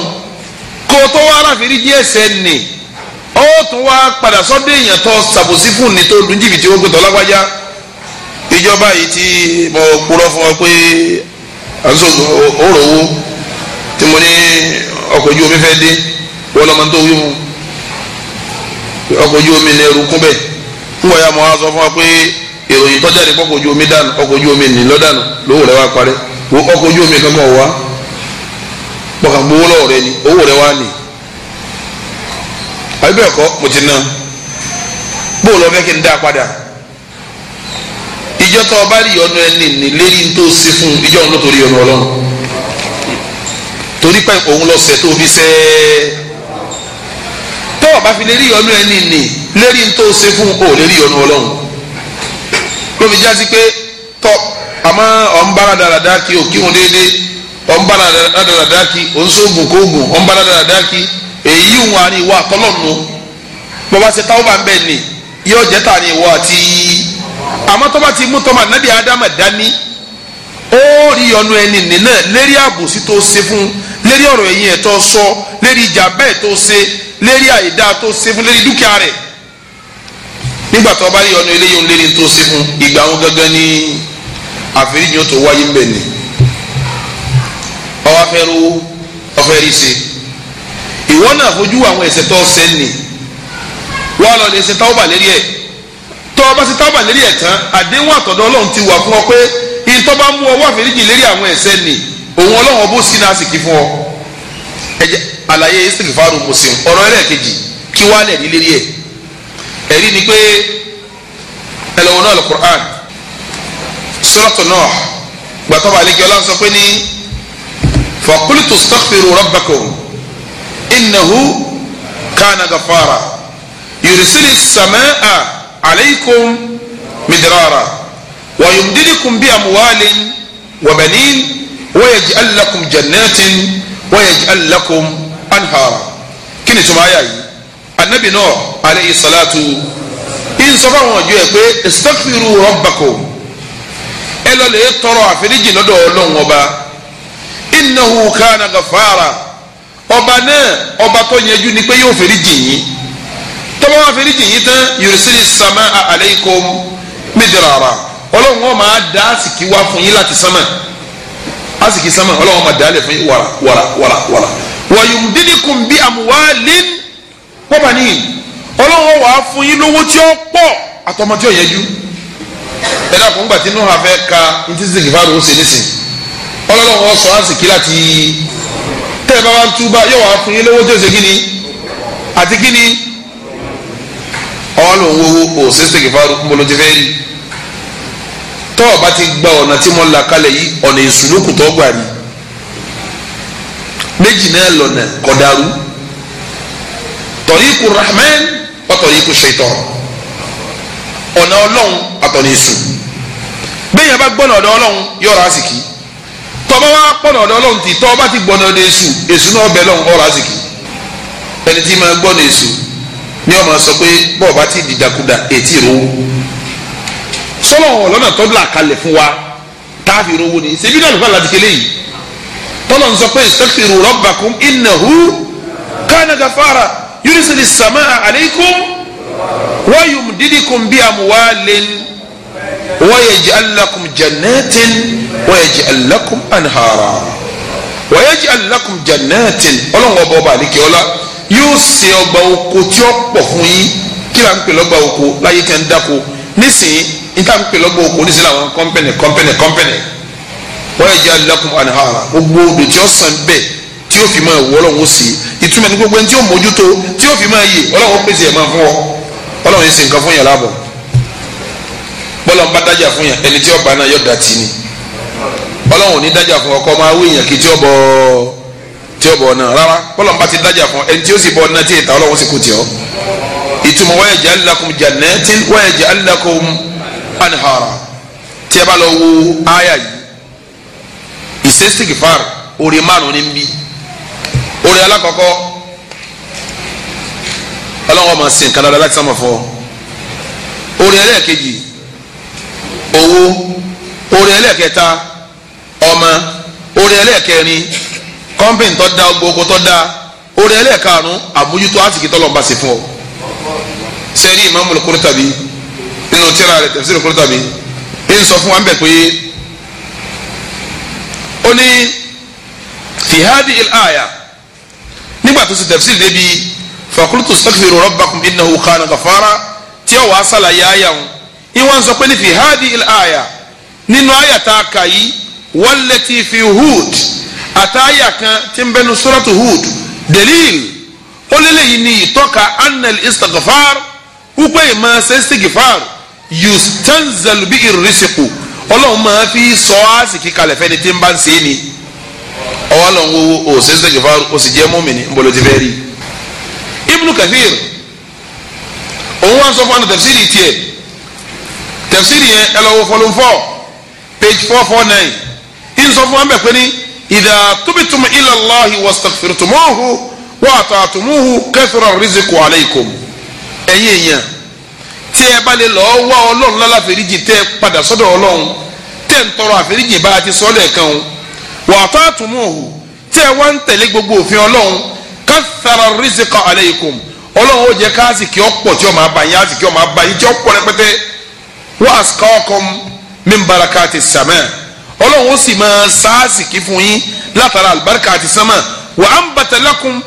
kó tó wá láfiri díẹ̀ sẹ́ni ó tún wá padà sọ́dọ̀ èèyàn tó ṣàbòsí fún ni tó dùn jìbìtì ó gbẹ̀tọ̀ lágbájá ìjọba yìí tí mo purọ́ fún ọ pé àǹsọ̀ òrò owó tí mo ní ọkọ̀ ojú omi fẹ́ dé wọ́n lọ́mọ tó wí mu ọkọ̀ ojú omi ní ẹrù kún bẹ́ẹ̀ fún wọ́n yà mọ́ aṣọ fún wa pé ìròyìn tọ́jà ní ọkọ̀ ojú omi dànù ọkọ̀ ojú omi nì lọ́dànù lówó rẹ̀ wá parẹ́ ọkọ̀ ojú omi kankan wá bọ̀kà gbowó lọ́wọ́ rẹ̀ ni owó rẹ̀ wá nì àbí bẹ́ẹ̀ kọ́ mo ti ná bóòlù ọ̀fẹ́ kí n dá padà ìjọ tó o bá rí ọ̀nà ẹni ní lérí ní tó o sí fún ìjọ òun ló torí ọ̀nà ọlọ́run torí pé òun lọ sẹ̀ tó fi sẹ́ tó o bá fi lè rí ìyọnu ẹni nì lérí ní tó ṣe fún o lè rí ìyọnu ọlọ́run ló fi jásí pé tọ́ àmọ́ ọ̀n kí o kí wọn déédéé ọ̀n bára dáradára kí òun sóògùn kóògùn ọ̀n bára kí èyí wọn àní ìwà àtọ́lọ́nu bọ́bá ṣe táwọn bá ń bẹ̀ ni yóò jẹ́ tà ní ìwọ àti àmọ́ tó bá ti mú tọ́mọ nábì ádámà dání ó rí ọ̀nù ẹni nì náà lérí àbòsí tó ṣe fún un lérí ọ̀rọ̀ ẹ̀yìn ẹ̀ tó sọ lérí ìjà bẹ́ẹ̀ tó ṣe lérí àìdá tó ṣe fún lérí dúkìá rẹ̀ nígbà tó bá rí ọ̀nà eléyìí òun lérí tó ṣe fún ìgbà wọn gangan ní àfẹ́ríjì tó wáyé ń bẹ̀ ni ọwọ́ afẹ́ rówó ọfẹ́ rí ṣe ìwọ náà fojú àwọn ẹ̀ṣẹ̀ tó ṣe ni wọ́n lọ lè ṣe táwọn bà lérí ẹ̀ tó o bá ṣe táwọn bà lérí ẹ̀ tán àdéhùn àtọ̀dọ̀ Ọlọ́run ti wà fún ọ pé ìtọ́ bá mú ọwọ́ àfẹ́ríjì lérí àwọn ẹ̀ṣẹ̀ ni òun ọlọ́run bó sí lásìkí fún ọ ẹjẹ àlàyé istikfaru muslim ọ̀rọ̀ ẹlẹ́ẹ̀kejì kí wàá lẹ̀ ní lérí ẹ̀ ẹ̀rí ni pé ẹlẹ́wọ̀n náà alukur'an suratu Nuh gbàtọ́ba àlejò ọlọ́run sọ pé ní faqultu istaghfiru rabbakum innahu kana ghaffara yursili samaa alaykum midrara wa yumdidukum bi amwalin wayaj'al lakum jannatin wayaj'al lakum anhara kí ni tuma ayà yìí anabi náà aleyhi salatu ìsọfọ àwọn ọjọ́ ẹ pé istaghfiru rabbakum ẹ lọ lè tọrọ àforíjì lọ́dọ̀ Ọlọ́run ọba innahu kana ghafara ọba náà ọba tó yẹjú ni pé yóò foríjì yín tọ́ba wà foríjì yín tán yursili samaa alaykum midrara Ọlọ́run ó máa dá sìkì wá fún yín láti sánmà asiki sama ọlọ́wọ́n ma dalẹ̀ fún yín wàrà wàrà wàrà wàrà wàyùm dídìkùn bí àmúwálín pọ́pàní ọlọ́wọ́n wà á fún yín lówó tí ó pọ̀ àtọmọ tí ó yẹjú ẹ dàpọ̀ ńgbà tí nuhu afẹ́ ka ntí sèkì fáwọn ọ̀hún ṣe nísìn ọlọ́wọ́n sọ asiki láti tẹ́ ẹ bá wá ń túbà yóò wà á fún yín lówó tí ó ṣe kíni àti kíni ọlọ́wọ́n wo òṣèṣèkì fáwọn ọ̀hún tọ́ ọ bá ti gba ọ̀nà tí mo là kalẹ̀ yìí ọ̀nà ìsúlùkù tó gbà rí méjì náà lọ́nà kọ̀dàrú tọ̀ríkù rahman ọ̀tọ̀ríkù ṣètọ́ ọ̀nà ọlọ́run àtọ̀nà èṣù bẹ́ẹ̀ yẹn bá gbọ́nà ọ̀dọ̀ ọlọ́run yọ̀ọ̀rọ̀ àsìkí tọ́ba wa pọ̀nà ọ̀dọ̀ ọlọ́run ti tọ́ ọba ti gbọ́nà ọ̀dọ̀ èṣù èṣù náà bẹ̀ lọ́run ọ̀rọ̀ àsìkí ẹni tí máa gbọ́nà èṣù ni ó máa sọ pé bọ́ọ̀ bá ti dìdàkudà ètí ìrówó sọlọ lọnà tó là kalẹ̀ fún wa káfí rówó ni ṣèbí náà lùfà láti kélé yìí tọ́lọ̀ ń sọ pé istaghfiru rabbakum innahu kana ghafara yursili samaa alaykum wa yumdidukum bi amwalin wa yaj'al lakum jannatin wa yaj'al lakum anhara wa yaj'al lakum jannatin ọlọ́run ọba ọba àdìkẹ́ ọlá yóò ṣe ọgbà oko tí ó pọ̀ fún yín kí là ń pè lọ́gbà oko láyé tẹ́ ń dáko nísìnyí níta ń pè lọ́gbọ̀n òkú oníṣẹ́ làwọn kọ́mpẹ́nì kọ́mpẹ́nì kọ́mpẹ́nì wọ́n yẹ jẹ́ alákùn àníhàrà gbogbo odò tí ó sàn bẹ́ẹ̀ tí ó fi máa wọ ọlọ́run ó sì ìtumọ̀ ní gbogbo ẹni tí ó mójútó tí ó fi máa yè ọlọ́run ó pèsè ẹ̀ máa fún ọ ọlọ́run yẹn ṣe nǹkan fún yàn láàbọ̀ bọ́lá ń bá dájà fún yàn ẹni tí ó bá náà yọ̀ dàtí ni ọlọ́run ò ní dájà fún ọkọ máa wéyàn kí tí ó bọ̀ tí ó bọ̀ náà rárá bọ́lá ń bá ti dájà fún ẹni tí ó sì bọ̀ náà tí ì anhara tí ẹ bá lọ wo aya yìí ìsẹ́sìkìfàr orí márùn ní bí orí alákọ̀ọ́kọ́ ọlọ́wọ́ máa sin nǹkan dáadáa láti sáma fọ́ orí ẹlẹ́ẹ̀kejì owó orí ẹlẹ́ẹ̀kẹta ọmọ orí ẹlẹ́ẹ̀kẹrin kọ́mpìn tó da gbogbo tó da orí ẹlẹ́ẹ̀karùn-ún àbójútó àsìkí tọ́lọ́mbà sí fún ọ sẹ́ni ìmáàmù Qurtubi nínú tíra rẹ̀ tafsir Qurtubi ń sọ fún wa ń bẹ̀ pé ó ní fi hadhihi al-aya nígbà tó ṣe tafsir débi fa qultu astaghfiru rabbakum innahu kana ghafara tí ó wàá sàlàyé àyà wọn ìwọ̀n sọ pé ní fi hadhihi nínú àyà tá a kà yìí wallati fi Hud àtàyà kan tí ń bẹnu suratu Hud delil ó lélẹ́yìn ní ìtọ́ka anna al wípé ìmọ̀ ṣe istighfar yustanzal bi irisiku ọlọ́run máa fi sọ àsìkí kalẹ̀ fẹ́ni tí ń bá ń ṣe é ni ọwọ́ lọ́n wo o ṣe ṣe kẹfà o sì jẹ́ mọ́mìnì ń bolo ti fẹ́ rí Ibn Kathir òun wá sọ fún ọ̀nà tafsiri tiẹ̀ tafsiri yẹn ẹ lọ wo fọlọ́n fọ́ page four four nine ń sọ fún wa bẹ́ẹ̀ pé ní idha tubtum ila Allahi wastaghfirtumuhu wa ata'tumuhu kathura rizqu alaykum ẹ̀yin èèyàn tẹ́ ẹ bá lè lọ́ọ́ wá ọlọ́run lálẹ́ àforíjì tẹ́ ẹ padà sọ́dọ̀ ọlọ́run tẹ́ ń tọrọ àforíjì bá a ti sọ́ lẹ́ẹ̀kan o wà á tó àtúmọ̀ o tẹ́ ẹ wá ń tẹ̀lé gbogbo òfin ọlọ́run kathara rizqa alaykum ọlọ́run ó jẹ́ káàsìkì ọ̀pọ̀ tí ó máa bá yín àsìkì ó máa bá yín tí ọ̀pọ̀ rẹpẹtẹ wa asqakum min barakati sama ọlọ́run ó sì máa sáàsìkì fún yín látara àlùbáríkà àti sánmà wa ambata lakum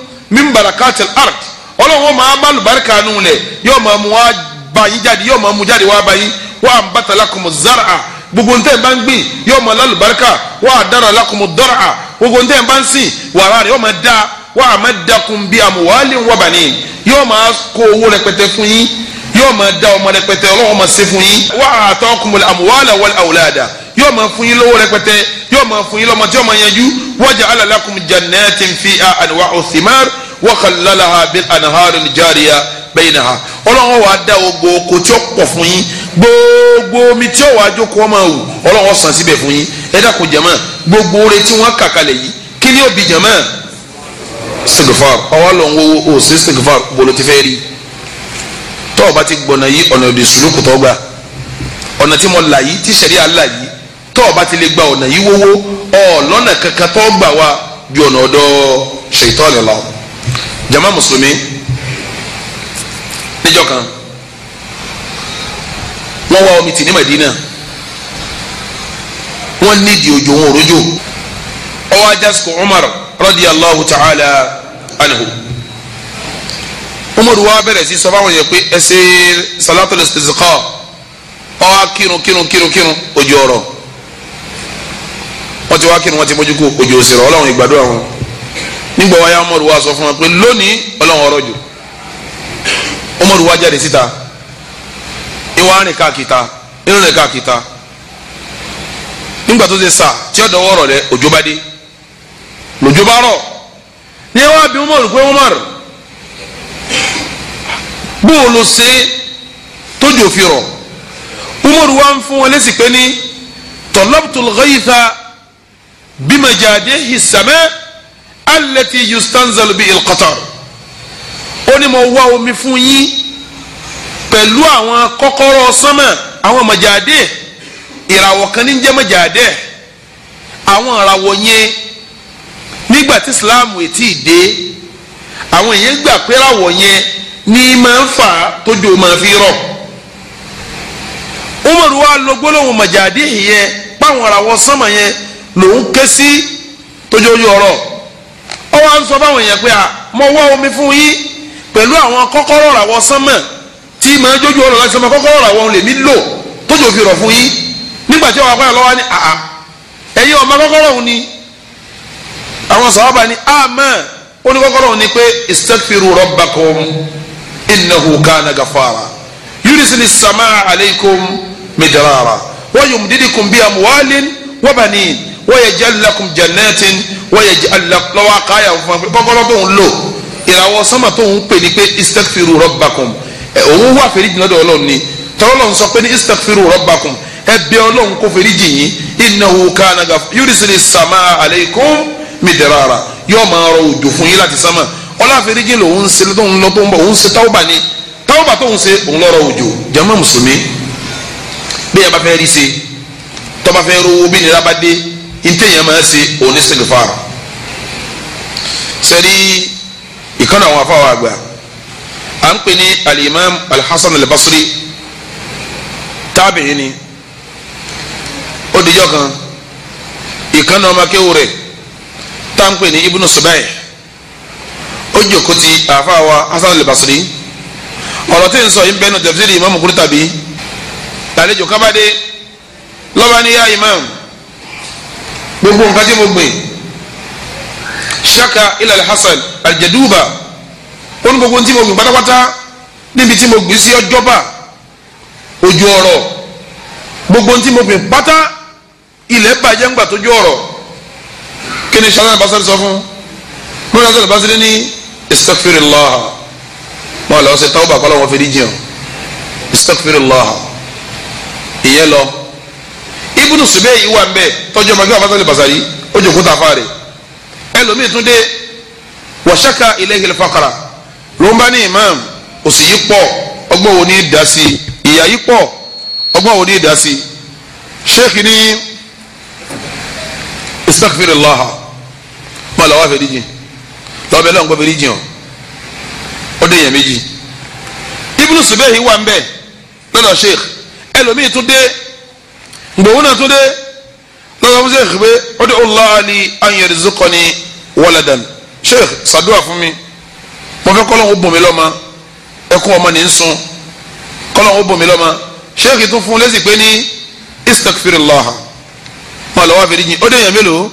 bá yín jáde yóò máa mú jáde wá bá yín wà á bàtà lakumu zara gbogbo ntẹ̀ bá ń gbìn yóò máa lálùbáríkà wà á dára lakumu dọ́ra gbogbo ntẹ̀ bá ń sìn wàrà rẹ̀ yóò máa dá wà á máa dákun bí amuwaali wà bani yóò máa kó owó rẹpẹtẹ fún yín yóò máa dá ọmọ rẹpẹtẹ ọlọ́wọ́ máa ṣe fún yín wà á tọ́ kumul amuwaala wal awulada yóò máa fún yín lówó rẹpẹtẹ yóò máa fún yín lọ́mọ tí yóò máa yanjú waja'ala lakum jannatin fiha anwa'u thimar wa khallalaha bil anhari jariya bainaha ọlọ́run wàá dá gbogbo oko tí ó pọ̀ fún yín gbogbo omi tí ó wàá jókòó ọmọ wù ọlọ́run sàn síbẹ̀ fún yín ẹ dákun jẹ̀mọ́ gbogbo oore tí wọ́n kàkalẹ̀ yìí kí ni òbí jẹ̀mọ́ stigfar ọwọ́ lọ́n wo o sí stigfar bolo ti fẹ́ rí tọ́ ọ bá ti gbọ̀nà yìí ọ̀nà òdì sùlùkù tó gbà ọ̀nà tí mo là yìí tí sẹ̀ríà là yìí tọ́ ọ ti lè gba ọ̀nà yìí wọ́wọ́ ọ̀ lọ́nà kankan tó gbà wá ju ọ̀nà ọ̀dọ̀ ṣètọ́ ọ̀lẹ́lá jama mùsùlùmí níjọ́ kan wọ́n wá omi tì ní Madina wọ́n nídìí òjò wọn òrojò ọwọ́ ajásùkò Umar radiyallahu ta'ala anhu Umar wa bẹ̀rẹ̀ sí sọ fáwọn yẹn pé ẹsẹ̀ salatul istisqa ọwọ́ kírun kírun kírun kírun òjò ọ̀rọ̀ wọ́n ti wá kírun wọ́n ti mójú kó òjò òsèrè ọlọ́run ìgbàdo àwọn nígbà wáyà Umar wa sọ fún wọn pé lónìí ọlọ́run ọ̀rọ̀ jù Umaru wá jáde síta ìwà rìn káàkìta ìrìn káàkìta nígbà tó ṣe sà tí ọ̀dọ̀ wọ̀rọ̀ rẹ òjò bá dé lòjò bá rọ̀ ní wàá bí Umaru pé Umaru bó o lọ ṣe tójò fi rọ̀ Umaru wá ń fún wọn lésì pé ní talabtul ghaytha bimajadihi as-sama' allati yustanzalu bihi al-qatar. ó ní mo wá omi fún yín pẹ̀lú àwọn kọ́kọ́rọ́ sánmà àwọn mọ̀jáde ìràwọ̀ kan ní jẹ́ mọ̀jáde àwọn ìràwọ̀ yẹn nígbà tí Islam ètí ìdè àwọn èèyàn gbà pé ìràwọ̀ yẹn ní máa ń fà tójú máa fi Umaru wa lo gbólóhùn mọ̀jáde yẹn páwọn ìràwọ̀ sánmà yẹn lòún ké sí tójú ọ̀rọ̀ ọ wá ń sọ fáwọn èèyàn pé omi fún yín pẹ̀lú àwọn kọ́kọ́rọ́ ràwọ̀ sánmọ̀ tí màá jójú ọ̀rọ̀ láti sọmọ kọ́kọ́rọ́ ràwọ̀ lèmi lò tójú òfin rọ̀ fún yín nígbà tí àwọn akọ́yà lọ́wọ́ ni àhà ẹ̀yin ọmọ kọ́kọ́rọ́ òun ni àwọn sàhábà ni àmọ́ ó ní kọ́kọ́rọ́ òun ni pé istaghfiru rabbakum innahu kana gafara yurisili samaa aleikum midrara wa yumdidikum bi amwalin wa banin wa yaj'al lakum wa yaj'al lakum lọ́wọ́ akọ́yà kọ́kọ́rọ́ tó ìràwọ̀ sánmà tó ń pè ní pé istaghfiru rabbakum òun wà fèrèjì lọ́dọ̀ ọlọ́run ni tọ́lọ́run sọ pé ní istaghfiru rabbakum ẹ bẹ̀ ọlọ́run kó fèrèjì yín innahu kana yurisili sama aleikum midrara yóò máa rọ òjò fún yín láti sánmà ọlá fèrèjì lòun ṣe tó ń lọ tó ń bọ̀ òun ṣe tawba ni tawba tó ń ṣe òun lọ́rọ̀ òjò jàmá mùsùlùmí bí ẹ bá fẹ́ rí ṣe tó bá ìkànnì àwọn afáwọn àgbà à ń pè ní alimam alhassan albasri tábìyìn ni ó dijọ́ kan ìkànnì ọmọ akéwù rẹ̀ tá à ń pè ní ibnu subai ó jòkó ti àfáwọn hassan albasri ọ̀rọ̀ tí ń sọ yìí ń bẹ́nu tafsiri imam Qurtubi tàlejò kábàdé lọ́ba ní yá imam gbogbo nǹkan tí mo gbìn ṣaka ilal hasan aljaduba ó ní gbogbo tí mo gbìn pátápátá níbi tí mo gbìn sí ọjọ́ bá òjò ọ̀rọ̀ gbogbo tí mo gbìn pátá ilẹ̀ bàjẹ́ ńgbà tójú ọ̀rọ̀ kí ni sàlẹ̀ àbáṣẹ́ sọ fún mi sàlẹ̀ àbáṣẹ́ ní istaghfirullah wọn lọ ṣe tawba kọ́ lọ́wọ́ fèrè jẹun istaghfirullah ìyẹn lọ ibùdó sùbẹ́ yìí wà ń bẹ̀ tọ́jú ọmọ gbé àbáṣẹ́ àbáṣẹ́ ló ń bá ní imam òsì yìí pọ̀ ọgbọ́n wo ní í dá sí i ìyá wo ní í dá sí i sheikh ní istaghfirullah máa lọ́wọ́ àfẹ́díjì lọ́wọ́ bẹ́ẹ̀ lọ́wọ́ àfẹ́díjì ọ̀ ọdẹ yẹn méjì ibùdó sùbẹ́ yìí wà ń bẹ̀ lọ́dọ̀ sheikh ẹlòmíì tún dé gbòòwò náà tún dé lọ́dọ̀ fún sheikh pé ọdẹ ọlọ́ọ̀ni an yarzuqani waladan sheikh ṣàdúrà fún mi mo fẹ́ kọ́lọ́hún bùn mí lọ́mọ ẹkún ọmọ ní ń sun kọ́lọ́hún bùn mí lọ́mọ sheikh tún fún lẹ́sìn pé ní istaghfirullah mo lọ́wọ́ àfẹ́ríjì ó dé èèyàn mélòó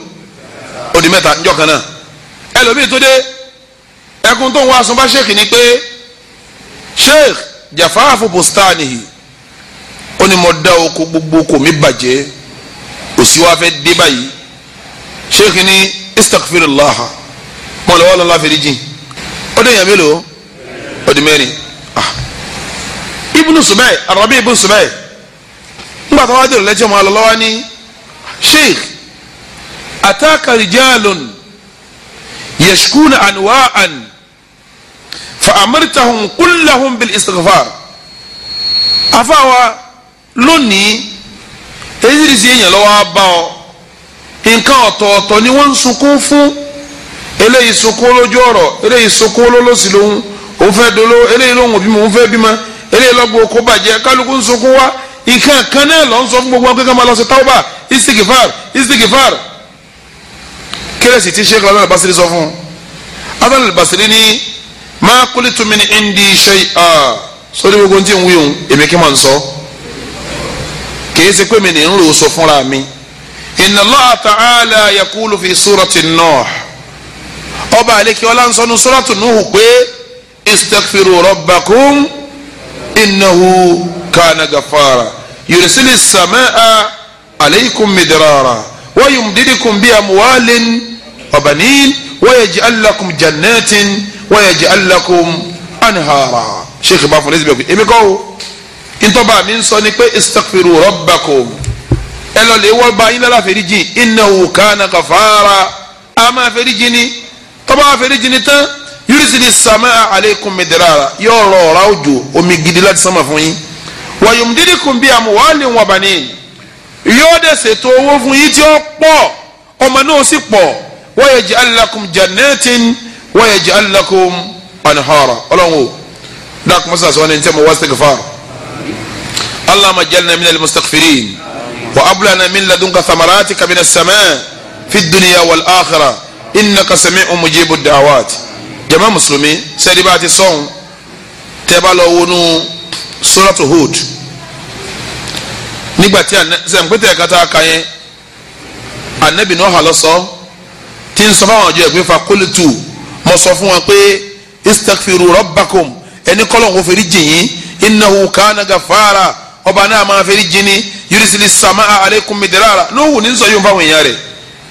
ó di mẹ́ta njọ́ kan náà ẹlòmíì tó dé ẹkún tó ń wá sunba sheikh ni pé sheikh jafaafu bustanihi ó ní mo dá oko gbogbo oko mi bàjẹ́ òsì wa fẹ́ dé báyìí sheikh ni istaghfirullah mo lọ́wọ́ lọ́la àfẹ́ríjì ó dé yàn mélòó ó di mẹ́rin ah. ibùdó sùbẹ́ arabi ibùdó sùbẹ́ ńgbà tó wá dé ìrọ̀lẹ́jọ́ máa lọ lọ́wọ́ ní sheikh ataka rijalun yashkuna anwa'an fa amartahum kullahum bil istighfar afáwa lónìí èyí sì èèyàn lọ́wọ́ nǹkan ọ̀tọ̀ọ̀tọ̀ ni wọ́n ń sunkún fún eléyìí sunkún lójú ọ̀rọ̀ eléyìí sunkún lólósì lòun òun dolo eléyìí lòun òbí mi òun fẹ́ bímọ eléyìí lọ́gbọ̀n kó bàjẹ́ kálukú ń sunkún wá ìkan kan náà lọ ń sọ fún gbogbo akéka tauba kérésì tí sheikh alhassan albasiri sọ fún alhassan basiri ni máa kúlì tún indi shay'a sórí gbogbo di ń wí òun èmi kí máa ń sọ kìí ṣe pé mi ń sọ fi surati ọba àlekí ọlá ń sọnu suratu Nuhu pé istaghfiru rabbakum innahu kana gafara yursili samaa alaykum midrara wa yumdidukum bi amwalin wa banin wa yaj'al lakum jannatin wa yaj'al lakum anhara sheikh bá fún lẹ́sìn bẹ́ẹ̀ kú èmi kọ́ o ntọ́ba mi sọ ni pé istaghfiru rabbakum ẹ lọ lè wọ́ bá yín lọ́la fèrè jìn innahu kana gafara fèrè jìn ni tọ́ba àfẹ́ríjì ni tán yurisi ni sama aleikum midirara yóò rọ ọ̀rá òjò omi gidi láti sánmà fún yín wàyùmdídìkùn bíi àmúwálì wọn bàní yóò dẹ̀ ṣètò owó fún yín tí ó pọ̀ ọmọ náà sì pọ̀ wayaj'al lakum jannatin wayaj'al lakum anhara ọlọ́run o dákun mọ́sá sọ wọn ní tẹ́mọ̀ wastighfar allahumma jalna minal mustaghfirin wa ablana min ladunka thamarati kabina sama fi dunya wal akhirah innaka sami'un mujibu da'awat jama musulumi sẹ́ni bá ti sọ̀hún tẹ́ bá lọ suratu Hud nígbàtí sẹ̀ǹpẹ́tẹ̀ kata ka yẹn anabi náà hà lọ́sọ tí ń sọ fáwọn ọjọ́ ẹ̀gbẹ́ fa kólítù mo sọ fún wọn pé istaghfiru rabbakum ẹni kọ́lọ̀ ń fèrè jìyìn innahu kana gafara ọba náà máa fèrè jìnnì yurisili sama aleikum midrara lóhùn ni sọ yóò fáwọn èèyàn rẹ̀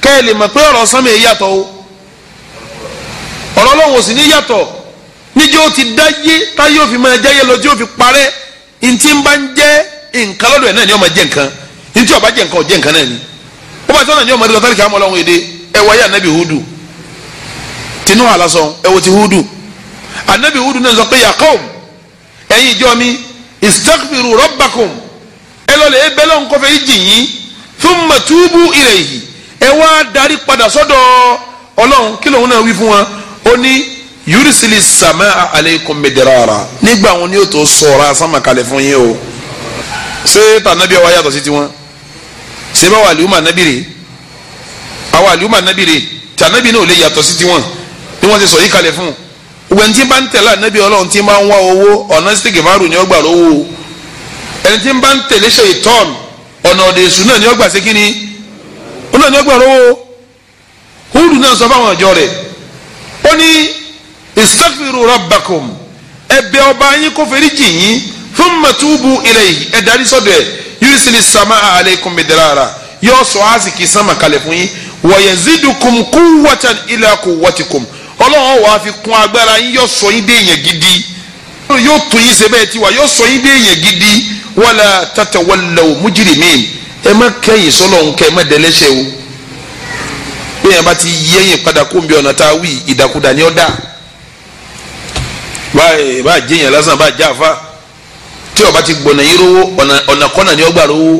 kẹ́ẹ̀lì mọ̀ pé ọ̀rọ̀ sánmi yàtọ̀ o ọ̀rọ̀ ọlọ́run ò sì ní yàtọ̀ níjẹ́ ó ti dáyé táyé ó fi máa jáyé lọ tí ó fi parẹ́ ntí ń bá ń jẹ́ nǹkan lọ́dọ̀ ẹ̀ náà ni ó máa jẹ́ nǹkan ntí ó bá jẹ́ nǹkan ó jẹ́ nǹkan náà ni ó bá sọ́nà ni ó máa dé lọ́tàrí kí á mọ ọlọ́run èdè ẹ wáyé ànábì hudu tinú àlásọ ẹ wo ti hudu ànábì hudu náà sọ pé ya qaum ìjọ mi istaghfiru rabbakum ẹ lọ́lẹ̀ ẹ bẹ́lẹ̀ ń kọfẹ́ ìjì yín thumma tubu ilayhi ẹ wá darí padà sọ́dọ̀ ọlọ́run kí lòun náà wí fún wa ó ní yurusili sama aleikum midirara nígbà wọn ni yóò tó sọra sama kalẹ̀ fún yín o ṣé tànàbí wa yàtọ̀ sí tiwọn ṣé bá wà lùmà nàbìrì àwa lùmà nàbìrì tànàbí náà ò lè yàtọ̀ sí tiwọn ni wọ́n ti sọ yìí kalẹ̀ fún wọn tí bá ń tẹ̀lé ànábì ọlọ́run tí máa ń wá owó ọ̀nà sítìkì márùn ni ó gbà lówó ẹni tí bá ń tẹ̀lé ṣe ìtọ́n ọ̀nà ọ̀dẹ̀ èṣù náà ni ó gbà ṣe kíni ó náà ni ó gbà lówó húdù náà sọ fáwọn ọ̀jọ́ rẹ̀ ó ní istaghfiru rabbakum ẹ̀bẹ̀ ọba yín kó foríjì yín thumma tubu ilayhi ẹ darí sọ́dọ̀ ẹ̀ yursili samaa alaykum midrara yóò sọ àsìkí sánmà kalẹ̀ fún yín wa yazidukum quwwatan ila quwwatikum ọlọ́run wàá fi kún agbára yín yóò sọ yín dé èèyàn gidi yóò tún yín ṣe bẹ́ẹ̀ tiwa yóò sọ yín dé èèyàn gidi wala tatawallaw mujrimin ẹ má kẹ́yìn sọ́lọ́run kẹ́ ẹ má bí yẹn bá ti yẹ́yìn padà kó ń bí ọ̀nà tá a wí ìdàkudà ni ó dà báyìí bá jẹ́ yẹn lásán bá jẹ́ àfa tí ó bá ti gbọ̀nà yín rówó ọ̀nà kọ́nà ni ó gbà rówó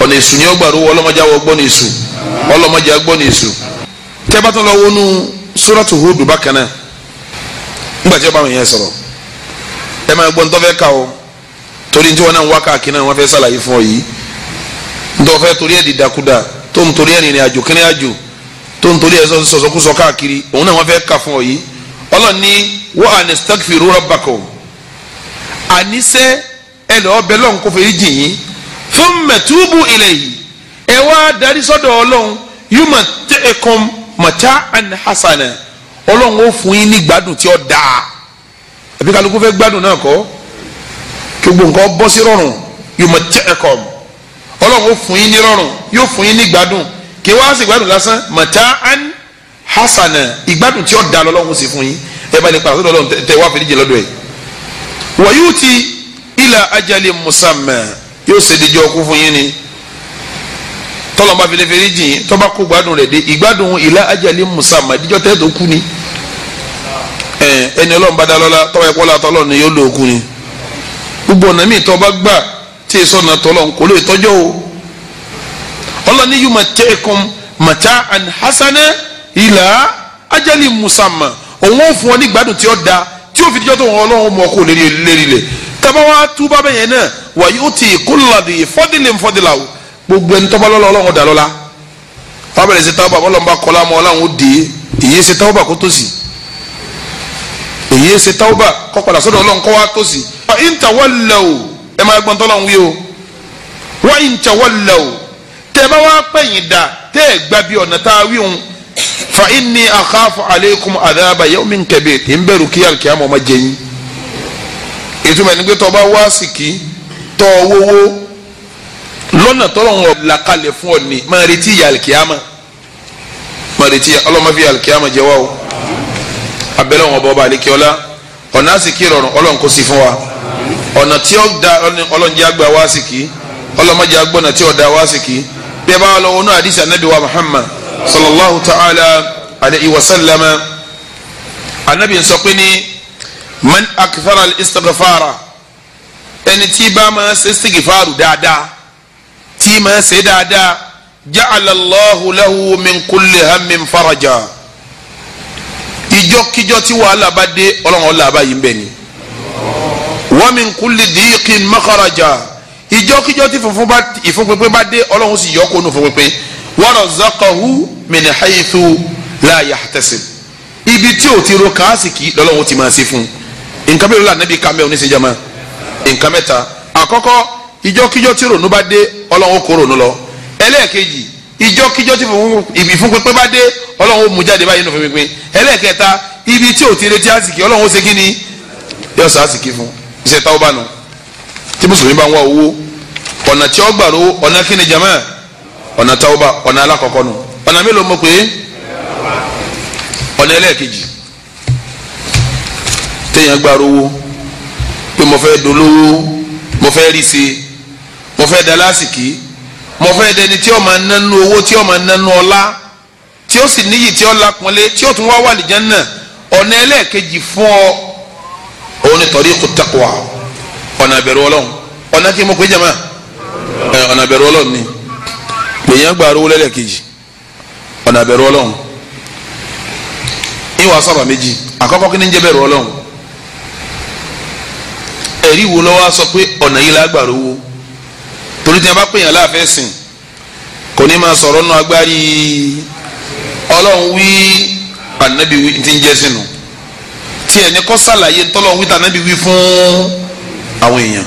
ọ̀nà èṣù ni ó gbà rówó ọlọ́mọdé àwọn gbọ́ ní èṣù ọlọ́mọdé àgbọ́ ní èṣù lọ wọnú sóràtù Hud bákan nígbà tí ó bá yẹn sọ̀rọ̀ ẹ máa gbọ́ nítorí ká o torí tí wọn náà ń wá káàkiri náà wọn fẹ́ sàlàyé fún ọ yìí nítorí torí ẹ̀ dìdàkudà tó ń torí ẹ̀ rìnrìn àjò kiri tó ń torí ẹ sọsọkúsọ káàkiri òun náà wọn fẹ́ kà fún ọ yìí ọlọ́run ní wọ́n anastaghfiru rabbakum àníṣe ẹ lọ́ọ́ bẹ lọ́hùn kó fèrè jìn yín thumma tubu ilayhi ẹ wá darí sọ́dọ̀ ọlọ́run yumatikum mata'an hasana ọlọ́run ó fún yín ní gbádùn tí ó dáa àbí kálukú fẹ́ gbádùn náà kọ́ kí gbogbo nǹkan bọ́ sí rọrùn yumatikum ọlọ́run ó fún yín ní rọrùn yóò fún yín ní gbádùn kí wá sí ìgbádùn lásán mọ̀tá án hasana ìgbádùn tí ó da lọ́lọ́run sí fún yín ẹ bá ní pàṣẹ lọ́lọ́run tẹ wá fìdíje lọ́dọ̀ ẹ̀. wọ̀nyí ti ilà ajali musamma yóò ṣe díjọ ọkú fún yín ni tọ́lọ́mọba fèrèfèrè jìn tọ́ba kó gbádùn rẹ̀ dé ìgbádùn ilà ajali musamma díjọ tẹ́ tó kú ni ẹni ọlọ́run bá dá lọ́la tọ́ba ẹ̀kọ́ látọ́ ọlọ́run ni yóò lò ó ọlọ́ni yìí mataikum mata'an hasana ila ajali musamma òun ò fún ọ ní gbádùn tí ó da tí ó fi dijọ́ tó wọn ọlọ́run mọ kó lérí lérí lẹ̀ tàbá wa túbà bẹ́ẹ̀ yẹn náà wà yóò ti kulladhi fadlin fadlahu gbogbo ẹni tọ́ba lọ́la ọlọ́run dà lọ́la fábẹ́rẹ́ ṣe táwọn bàbá ọlọ́run bá kọ́ lámọ́ ọlọ́run ó dé èyí ṣe táwọn bà kó tó sí èyí ṣe táwọn bà padà sọ́dọ̀ ọlọ́run kọ́ wa tó sí. in tawallaw ẹ máa gbọ́n tọ́lọ́run wí o wa in tawallaw tẹ́ bá wá pẹ̀yìn dà tẹ́ ẹ̀ gbà bí ọ̀nà tá a wí hun fa inni akhafu aleikum adaba yawmin kabir tí n bẹ̀rù kí alikiyama ọmọ jẹ yín ìtumọ̀ ẹni pé tọ́ bá wá sìkì tọ́ wọ́wọ́ lọ́nà tọ́lọ́wọ́ làkàlẹ̀ fún ọ ni máa retí ìyà alikiyama máa retí ọlọ́mọ fi alikiyama jẹ wá o abẹ́lẹ́ wọn bọ́ bá alikiyọ́lá ọ̀nà àsìkì rọrùn ọlọ́run kò sí fún wa ọ̀nà tí ó da ọlọ́run jẹ́ wá sìkì ọlọ́mọ jẹ́ tí ó da wá sìkì bẹ́ẹ̀ bá lọ wọnú àdìsí anabi wa muhammad sallallahu ta'ala alayhi wa sallama anabi sọ pé ní man akthara al-istighfara ẹni tí bá máa ṣe istighfaru dáadáa tí máa ṣe dáadáa ja'ala Allahu lahu min kulli hammin faraja ìjọkíjọ tí wàhálà bá dé ọlọ́run ọ̀là bá yìí ń bẹ̀ ni wa min kulli dhiqin makhraja ìjọkíjọ tí funfun bá ìfúnpinpin bá dé ọlọ́run sì yọkó nù fúnpinpin wa razaqahu min haythu la yahtasib ibi tí o ti ro kàásìkì lọ́lọ́run ti máa ṣe fún un nǹkan mẹ́rin lànàbí kàmẹ́ oníṣẹ́jàmá nǹkan mẹ́ta àkọ́kọ́ ìjọkíjọ tí ronú bá dé ọlọ́run kó ronú lọ ẹlẹ́ẹ̀kejì ìjọkíjọ tí ìfúnpinpin bá dé ọlọ́run ó mú jáde báyìí nù fúnpinpin ẹlẹ́ẹ̀kẹta ibi tí o ti retí àsìkì ọlọ́run ó ṣe kí ni yọ̀ọ́sà àsìkì fún iṣẹ́ táwọn bá nù tí mùsùlùmí bá ń wá owó ọ̀nà tí ó gbà rówó ọ̀nà kí ni jama ọ̀nà tawba ọ̀nà alákọ̀ọ́kọ́ nu ọ̀nà mélòó mo pè é ọ̀nà ẹlẹ́ẹ̀kejì téèyàn gbà rówó pé mo fẹ́ dolówó mo fẹ́ rí se mo fẹ́ dalásìkì mo fẹ́ dẹni tí ó máa nánú owó tí ó máa nánú ọlá tí ó sì níyì tí ó lápọnlé tí ó tún wá wà lìjánná ọ̀nà ẹlẹ́ẹ̀kejì fún ọ òun ni tariqut taqwa ọ̀nà ìbẹ̀rù ọlọ́run ọ̀nà kí mo pè é jama ọ̀nà àbẹ̀rù ọlọ́run ni lèyìn àgbà arówó lẹ́lẹ́kejì ọ̀nà àbẹ̀rù ọlọ́run ìwà sọ̀rọ̀ méjì àkọ́kọ́ kí ni ń jẹ́ bẹ̀rù ọlọ́run ẹ̀rí wo lọ́wọ́ sọ pé ọ̀nà yìí lágbà arówó torí tí a bá pè yàn láàfẹ́ sìn kò ní máa sọ̀rọ̀ nù agbárí ọlọ́run wí ànábì wí ti ń jẹ́ sínú tiẹ̀ ní kọ́ sàlàyé tọ́lọ́run wí tànábì wí fún àwọn èèyàn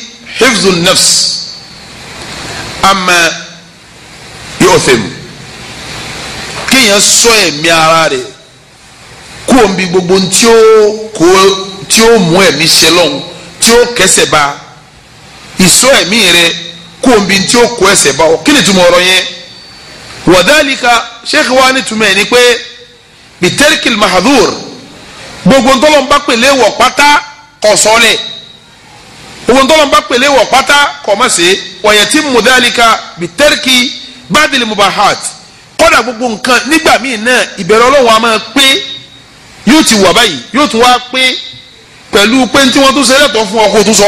hifzu nafs ama yóò fẹ́ mu kéèyàn sọ ẹ̀mí ara rẹ̀ kó o bí gbogbo tí ó kó tí ó mú ẹ̀mí ṣe lọ́hùn tí ó kẹsẹ̀ bá ìsọ ẹ̀mí rẹ̀ kó o bí tí ó kó ẹsẹ̀ bá ọ kí ni túmọ̀ ọ̀rọ̀ yẹn wàdálìka sheikh wa ni túmọ̀ ẹ̀ ni pé bitẹ́rìkìl mahadur gbogbo ntọ́lọ́mbà pátá kọ̀sọ́lẹ̀ owó ntọ́lọ́ bá pèlè wọ̀ pátá kọ̀ má ṣe wọ̀nyẹ̀ tí mudalika bitẹ́rìkì bádìlì mubahat kọ́dà gbogbo nǹkan nígbà míì náà ìbẹ̀rẹ̀ ọlọ́run a máa pé yóò ti wà báyìí yóò tún wá pé pẹ̀lú pé tí wọ́n tún ṣe lẹ́tọ̀ọ́ fún ọkọ̀ tún sọ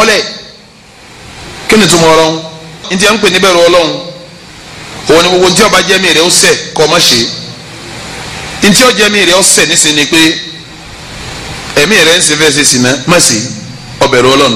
kí ni túmọ̀ ọlọ́run ní ti à ń pè níbẹ̀rù ọlọ́run òun ni gbogbo ní ọba jẹ́mi rẹ̀ ó sẹ̀ kọ́ má ṣe ní tí ọjẹ́mi rẹ̀ ó sẹ̀ nísìnyí ni pé ẹ̀mí rẹ̀ ń ṣe fẹ́ ṣe sìnà má ṣe ọlọ́run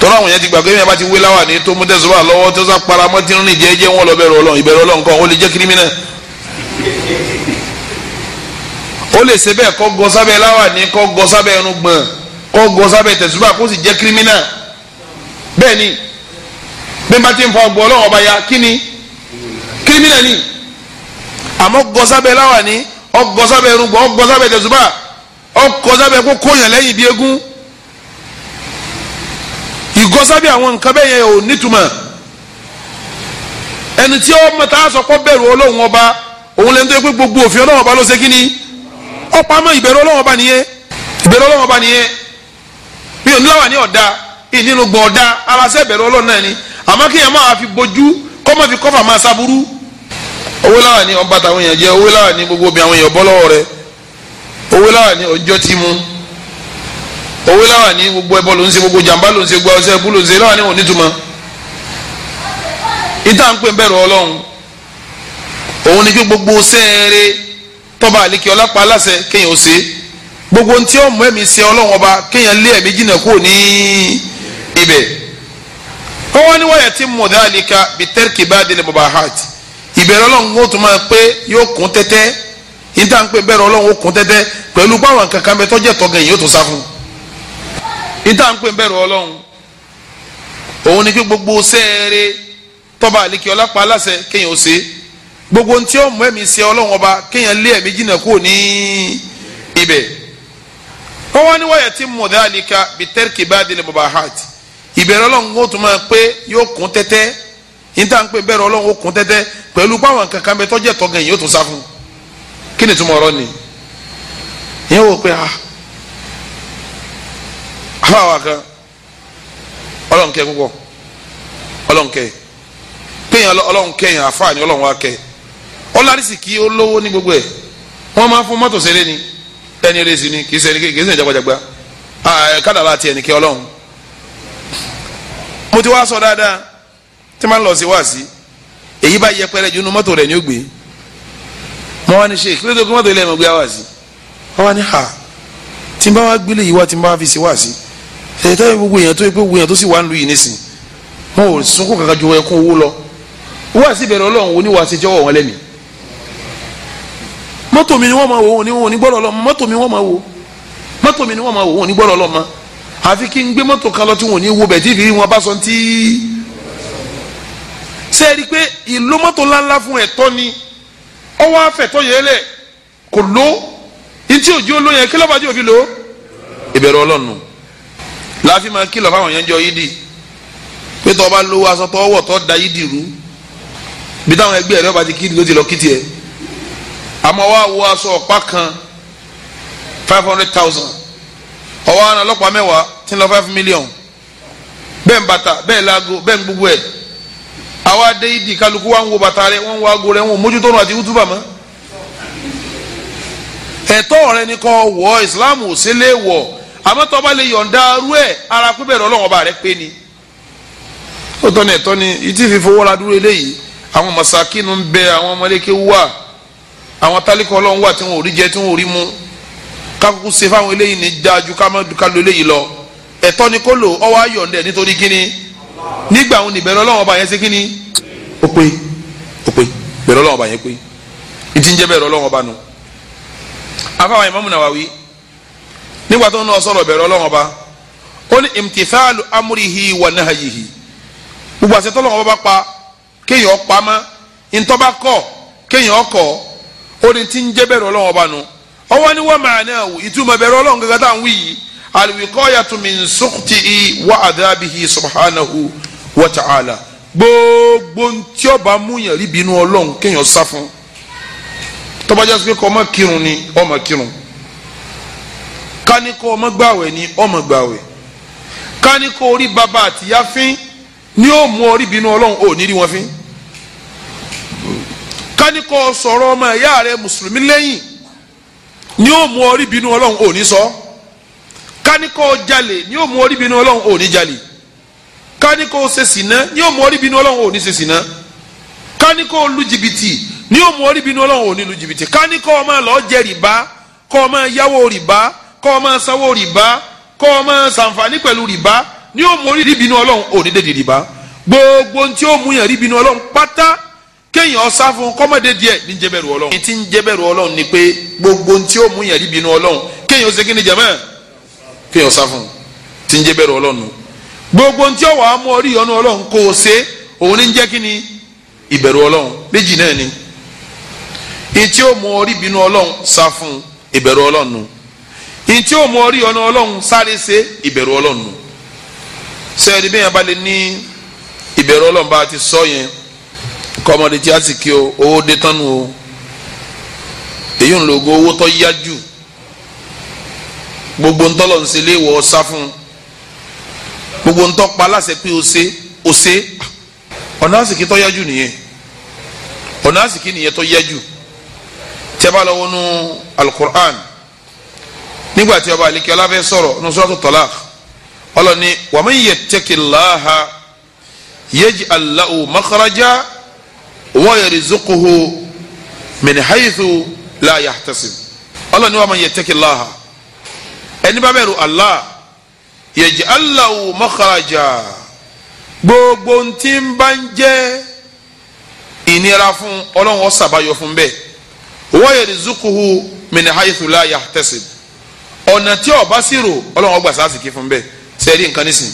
tọ́lá àwọn yẹn ti gbàgbé yẹn bá ti wé láwà ní tó mú tẹ̀síwá lọ́wọ́ tó sá paramọ́ tí ń rìn jẹ́jẹ́ wọn lọ bẹ̀rù ọlọ́run ìbẹ̀rù ọlọ́run kan ó lè jẹ́ kírímínà ó lè ṣe bẹ́ẹ̀ kọ́ gọ sábẹ́ láwà ní kọ́ gọ sábẹ́ ẹnu gbọ̀n kọ́ gọ sábẹ́ tẹ̀síwá kó sì jẹ́ kírímínà bẹ́ẹ̀ ni bí bá ti ń fa ọgbọ́n ọlọ́run ọba ya kí ni kírímínà ni àmọ́ gọ sábẹ́ láwà ní ọgọ sábẹ́ ẹnu gbọ̀n ọgọ sábẹ́ tẹ̀síwá ọkọ sábẹ́ kó kóyàn lẹ́yìn bí egun ìkọsábí àwọn nǹkan bẹ́ẹ̀ yẹn ò nítumọ̀ ẹni tí ó mọ̀ tá a sọ pé bẹ̀rù ọlọ́run ọba òun lẹ́nu tó yẹ pé gbogbo òfin ọlọ́run ọba ló ṣe kí ni ọ̀pamọ́ ìbẹ̀rù ọlọ́run ọba nìyẹn ìbẹ̀rù ọlọ́run ọba nìyẹn mi ò níláwà ní ọ̀dà ìnínú gbọ̀n ọ̀dà aláṣẹ ìbẹ̀rù ọlọ́run náà ni àmọ́ kéèyàn máa fi bojú kọ́ máa fi kọ́fà máa ṣaburú owó láwà ní ọba owó láwà ní gbogbo ẹbọ ló ń ṣe gbogbo jàmbá ló ń ṣe gbogbo ọṣẹ ẹbú ló ń ṣe láwà ní òní túmọ̀ ìta ń pè ń bẹ̀rù ọlọ́run òun ni kí gbogbo sẹ́ẹ̀rẹ́ tọ́ba àlekè ọlápá aláṣẹ kéèyàn ó ṣe gbogbo ntí ọmọ ẹ̀mí ṣe ọlọ́run ọba kéèyàn lé ẹ̀mí jìnnà kúrò ní ibẹ̀ wọ́n wá ní wáyà tí àlekà bíi tẹ́rìkì bá délé bàbá hàt ìbẹ̀rẹ̀ ọlọ́run ó tún máa pé yóò kún ìta ń pè ń bẹ̀rù ọlọ́run òun ni kí gbogbo sẹ́ẹ̀rẹ́ tọ́ba àlekí ọlápá aláṣẹ kéèyàn ó ṣe gbogbo ntí ó mú ẹ̀mí ṣe ọlọ́run ọba kéèyàn lé ẹ̀mí jìnnà kúrò ní ibẹ̀ wọ́n wá ní wáyà tí mọ̀dá àlekà tẹ́rìkì bá délé bàbá hàt ìbẹ̀rẹ̀ ọlọ́run ó tún máa pé yóò kún tẹ́tẹ́ ìta ń pè ń bẹ̀rù ọlọ́run ó kún tẹ́tẹ́ pẹ̀lú báwọn kankan afáwa kan ọlọ́nkẹ́ púpọ̀ ọlọ́nkẹ́ kéèyàn ọlọ́nkẹ́ yẹn afáàní ọlọ́run wa kẹ́ ọlọ́rìsì kí ó lówó ní gbogbo ẹ̀ wọ́n máa fún mọ́tò ṣeré ni ẹni rẹ̀ sí ni kì í ṣe kì í ṣe jagbajagba kádàrá tiẹ̀ ní kí ọlọ́run mo ti wá sọ dáadáa tí máa ń lọ sí wá sí èyí bá yẹpẹrẹ jù nínú mọ́tò rẹ̀ ní ògbé mo wá ní ṣe kí ló dé kí mọ́tò ilé ẹ̀ mọ̀ gbé wá sí wọ́n wá ní ha tí n bá wá gbélé yìí wá tí n bá wá fi ṣe wá sí tẹ̀tẹ̀ gbogbo èèyàn tó yẹ pé gbogbo èèyàn tó sì wà ń lu yìí nísìn wọn ò sunkún kankan ju ẹkún owó lọ wá sí ìbẹ̀rẹ̀ ọlọ́run oníwà sí jẹ́wọ́ wọn lẹ́mìí mọ́tò mi ni wọ́n máa wò wọn ni wọn ò ní gbọ́dọ̀ lọ́mọ mọ́tò mi wọ́n máa wò mọ́tò mi ni wọ́n máa wò wọn ò ní gbọ́dọ̀ lọ́mọ àfi kí n gbé mọ́tò kan lọ tí wọn ò ní wo bẹ̀ tí ìfìrí wọn bá sọ tí. ṣé ẹ rí i pé ìlú mọ́tò ńláńlá fún ẹ̀tọ́ ni ọwọ́ afẹ́tọ́ yẹn lẹ̀ kò ló ntí òjò ló yẹn kí lọ́ba jẹ́ òfin lò ó ìbẹ̀rẹ̀ ọlọ́run láàfin máa kìlọ̀ fáwọn yẹn jọ yídì pé tọ́ ọba lówó aṣọ tọ́ wọ̀ tọ́ da yídì rú bí táwọn ẹgbẹ́ rẹ ọba ti kí ló ti lọ kí tiẹ̀ àmọ́ wá wo aṣọ ọ̀pá kan five hundred thousand ọwọ́ àwọn ọlọ́pàá mẹ́wàá ti lọ five million bẹ́ẹ̀ ń bàtà bẹ́ẹ̀ láago bẹ́ẹ̀ ń gbogbo ẹ̀ àwa dé yídì kálukú wa ń wo bàtà rẹ wọ́n ń wo aago rẹ wọ́n mójútó ọ̀run àti wútúbà mọ́ ẹ̀tọ́ rẹ ni kò wọ́ ìsìláàmù ò sí lè wọ̀ àmọ́ tó bá lè yọ̀ǹda arú ẹ̀ ara pé bẹ̀rẹ̀ ọlọ́wọ́n bá rẹ pé ni tó tọ́ ní ẹ̀tọ́ ni ìtì fífi owó ra dúró eléyìí àwọn masakínu ń bẹ àwọn ọmọléke wà àwọn tálíkọ ọlọ́run wà tí wọn ò rí jẹ tí wọn ò rí mu kákúkú ṣe fáwọn eléyìí ní dájú ká lo eléyìí lọ ẹ̀tọ́ ni kó ọwọ́ ayọ̀ǹda ẹ̀ nítorí kíni nígbà àwọn ìbẹ̀rẹ̀ ọlọ́run ọba yẹn ṣe kíni ó pé ó pé bẹ̀rẹ̀ ọlọ́run ọba yẹn pé ìtì bẹ̀rẹ̀ ọlọ́run ọba nu afáwọn Imam Nawawi nígbà tó ń lọ sọ̀rọ̀ bẹ̀rẹ̀ ọlọ́run ọba ó ní nahayihi gbogbo àti tọ́lọ́run ọba pa kéèyàn pamọ́ ntọ́ba kọ̀ kéèyàn kọ̀ ó ní ti ń jẹ́ bẹ̀rẹ̀ ọlọ́run ọba nu ọwọ́ ni wọ́n máa ìtumọ̀ bẹ̀rẹ̀ gẹ́gẹ́ tá à ń wí yìí wa subhanahu wa ta'ala gbogbo ntí ọba kéèyàn sá fún kání kó ọmọ gbàwẹ̀ ni ọmọ gbàwẹ̀ kání kó orí bàbá àtìyá fín ni ó mú orí bínú ọlọ́run ò ní rí wọn fín kání kó sọ̀rọ̀ ọmọ ìyá rẹ mùsùlùmí lẹ́yìn ni ó mú orí bínú ọlọ́run ò ní sọ kání kó jalè ni ó mú orí bínú ọlọ́run ò ní jalè kání kó ni ó mú orí bínú ọlọ́run ò ní ṣe sìná kání lu jìbìtì ni ó mú orí bínú ọlọ́run ò ní lu jìbìtì kání kó ọmọ lọ́ọ́ jẹ rìbá kó ọmọ yáwó rìbá kọ́ ọ máa sanwó rìbá kọ́ ọ máa sànfàní pẹ̀lú rìbá ní ó mú orí bínú ọlọ́run ò ní dédé rìbá gbogbo tí ó mú yàn rí bínú ọlọ́run pátá kéèyàn ọ̀sá fún kọ́mọ̀dé díẹ̀ ní jẹ́bẹ̀rù ọlọ́run. ní ti ń jẹ́bẹ̀rù ọlọ́run ni pé gbogbo tí ó mú yàn rí bínú ọlọ́run kéèyàn ṣe kíni jẹ́mẹ́ kéèyàn ọ̀sá fún ti ń jẹ́bẹ̀rù ọlọ́run. gbogbo tí ó wà á mú orí ìyọnu ọlọ́run kó o ṣe òun ní jẹ́ kíni ìbẹ̀rù ọlọ́run méjì náà ni. ìtí ó mú orí bínú ọlọ́run sá fún ìbẹ̀rù ọlọ́run ntí o mú orí ọ̀nà ọlọ́run sáré ṣe ìbẹ̀rù ọlọ́run nù sẹ́ẹ̀dì bẹ́ẹ̀ bá lè ní ìbẹ̀rù ọlọ́run bá ti sọ yẹn kọ́mọdé tí a sì kí o owó dé tánu o èyí ń lo ogo owó tó yá jù gbogbo ntọ́lọ̀ ń ṣe léèwọ̀ ọ̀sá fún gbogbo ntọ́ pa aláṣẹ pé o ṣe o ṣe ọ̀nà àsìkí tó yá jù nìyẹn ọ̀nà àsìkí nìyẹn tó yá jù tẹ́ bá lọ wọnú alukur'an nígbà tí ọba àlekí ọlá fẹ́ sọ̀rọ̀ ní suratu talaq ọlọ́ni wa man yattaqillaha yaj'al lahu makhraja wa yarzuquhu min haythu la yahtasib ọlọ́ni wa man yattaqillaha ẹni bá bẹ̀rù Allah yaj'al lahu makhraja gbogbo ntí ń bá ń jẹ́ ìnira fún ọlọ́run ó fún bẹ́ẹ̀ wa yarzuquhu min haythu ọ̀nà tí ọba sì rò ọlọ́run ọgbà sáà sì kí fún bẹ́ẹ̀ sẹ́ẹ̀rí nǹkan nísìn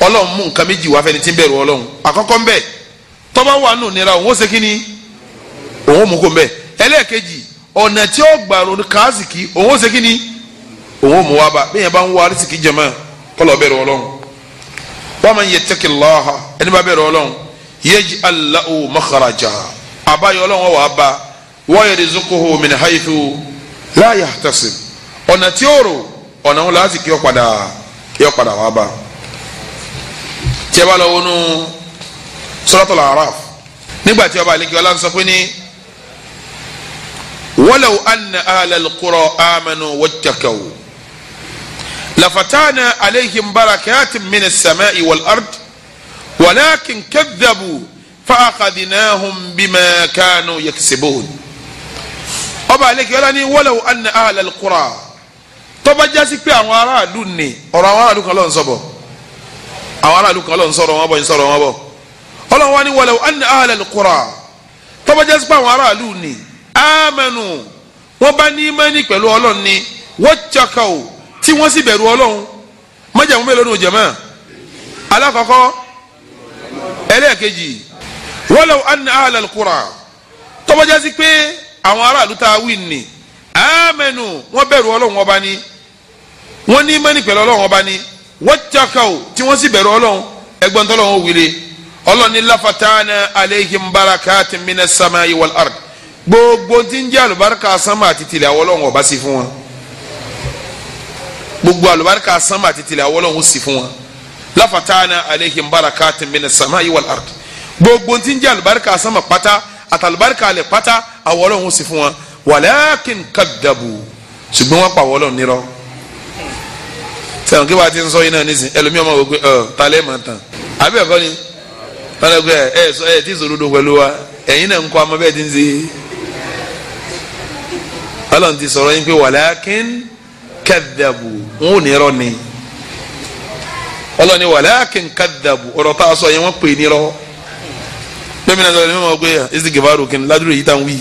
ọlọ́run mú nǹkan méjì wá fẹ́ni tí ń bẹ̀rù ọlọ́run àkọ́kọ́ ń bẹ̀ tọ́ba wà nù nira òun ó ṣe kí ni òun ó mú kó ń bẹ̀ ẹlẹ́ẹ̀kejì ọ̀nà tí ó gbà káàsìkì òun ó ṣe kí òun ó mú wá bá bẹ́ẹ̀ bá ń wá arísìkì jẹ̀mọ́ kọ́lọ̀ bẹ̀rù ọlọ́run wa man yattaqillaha ọ̀nà tí ó rò ọ̀nà wọn láti kí ọ padà yọ padà wá bá tí ẹ bá lọ wọnú suratul araf nígbà tí ọba àlekí ọlá ń sọ pé ní walaw anna ahlal qura amanu wattaqaw lafatana alayhim barakatin minas sama'i wal ard walakin kadhabu fa'aqadnahum bima kanu yaksibun ọba àlekí ọlá ní walaw anna ahlal tọ́ba jásí pé àwọn aráàlú ni ọ̀rọ̀ àwọn aráàlú kan ló ń sọ̀bọ̀ àwọn aráàlú kan ló ń sọ̀rọ̀ wọn bọ̀ ń sọ̀rọ̀ wọn bọ̀ ọlọ́run wa ni walaw anna ahlal qura tọ́ba jásí pé àwọn aráàlú ni amanu wọ́n bá ní mẹ́ni pẹ̀lú ọlọ́run ni wattaqaw tí wọ́n sì bẹ̀rù ọlọ́run mọ́jàmú mélòó ni òjẹ̀mọ́ alákọ̀ọ́kọ́ ẹlẹ́ẹ̀kejì walaw anna ahlal qura tọ́ba jásí pé àwọn aráàlú tá a wọ́n ní mẹ́ni pẹ̀lú ọlọ́run ọba ni wọ́n tíaka o tí wọ́n sì bẹ̀rù ọlọ́run ẹgbọ́n tó lọ́wọ́ wíire ọlọ́run ní lafatana aleihim barakati mina sama iwal ard gbogbo tí ń jẹ́ àlùbáríkà sama àti tilẹ̀ àwọn ọlọ́run ọba sí fún wọn gbogbo àlùbáríkà sama àti tilẹ̀ àwọn ọlọ́run sí fún wọn lafatana aleihim barakati mina sama iwal ard gbogbo tí ń jẹ́ àlùbáríkà sánmà pátá àtàlùbáríkà alẹ̀ pátá àwọn ọlọ́run sí fún wọn walakin kadabu ṣùgbọ́n wọ́n pa àwọn ọlọ́run sẹ́wọ̀n kí wàá ti ń sọ yín náà nísìn ẹlòmíì ọmọ ògbé ta lẹ́ mọ̀ tán àbí ẹ̀kọ́ ni wọn lọ gbé ẹ ẹ sọ ti sòdodo pẹ̀lú wa ẹ̀yin náà ń kọ́ ọmọ bẹ́ẹ̀ ti ń ọlọ́run ti sọ̀rọ̀ yín pé ni ọlọ́run ni wàlákin kadhabu ọ̀rọ̀ tá a sọ yẹn wọ́n pè ní rọ lẹ́mìnà sọ̀rọ̀ ní mímọ́ gbé istikbaru kìnnì yìí tá ń wí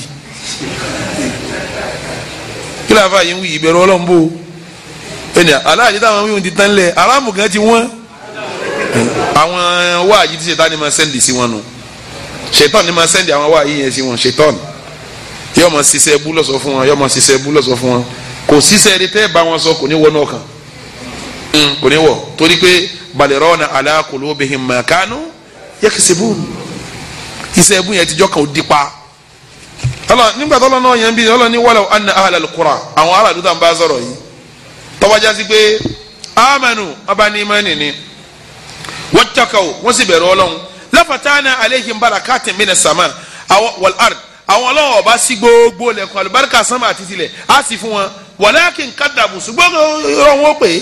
kí ẹnì aláàjì táwọn wíwọn ti tán lẹ aráàmù kan ti wọn àwọn wáàyí tí ṣètàn ni máa sẹ́ndì sí wọn nu ṣètàn ni máa sẹ́ndì àwọn wáàyí yẹn sí wọn ṣètàn yóò máa ṣiṣẹ́ bú lọ́sọ̀ fún wọn yóò máa ṣiṣẹ́ bú lọ́sọ̀ fún wọn kò ṣiṣẹ́ ẹni tẹ́ bá wọn sọ kò ní wọ náà kàn mm, kò ní wọ torí pé balẹ̀rọ̀nà ala qulubihim ma kanu yaksibun iṣẹ́ ẹ̀bùn yẹn ti jọ́ kan ó di nígbà tó lọ́nà yẹn bí ọlọ́ni walaw àwọn aráàlú tá ń bá sọ̀rọ̀ yìí tọ́wájá sí pé amanu abanimani ni wattaqaw wọ́n sì bẹ̀rù ọlọ́run lafatana aleihim barakatin mina sama wal ard àwọn ọlọ́wọ́ ọba sí gbogbo lẹ́kùn àlùbáríkà sánmà àti tilẹ̀ á sì fún wọn walakin kaddabu ṣùgbọ́n irọ́ wọn pè é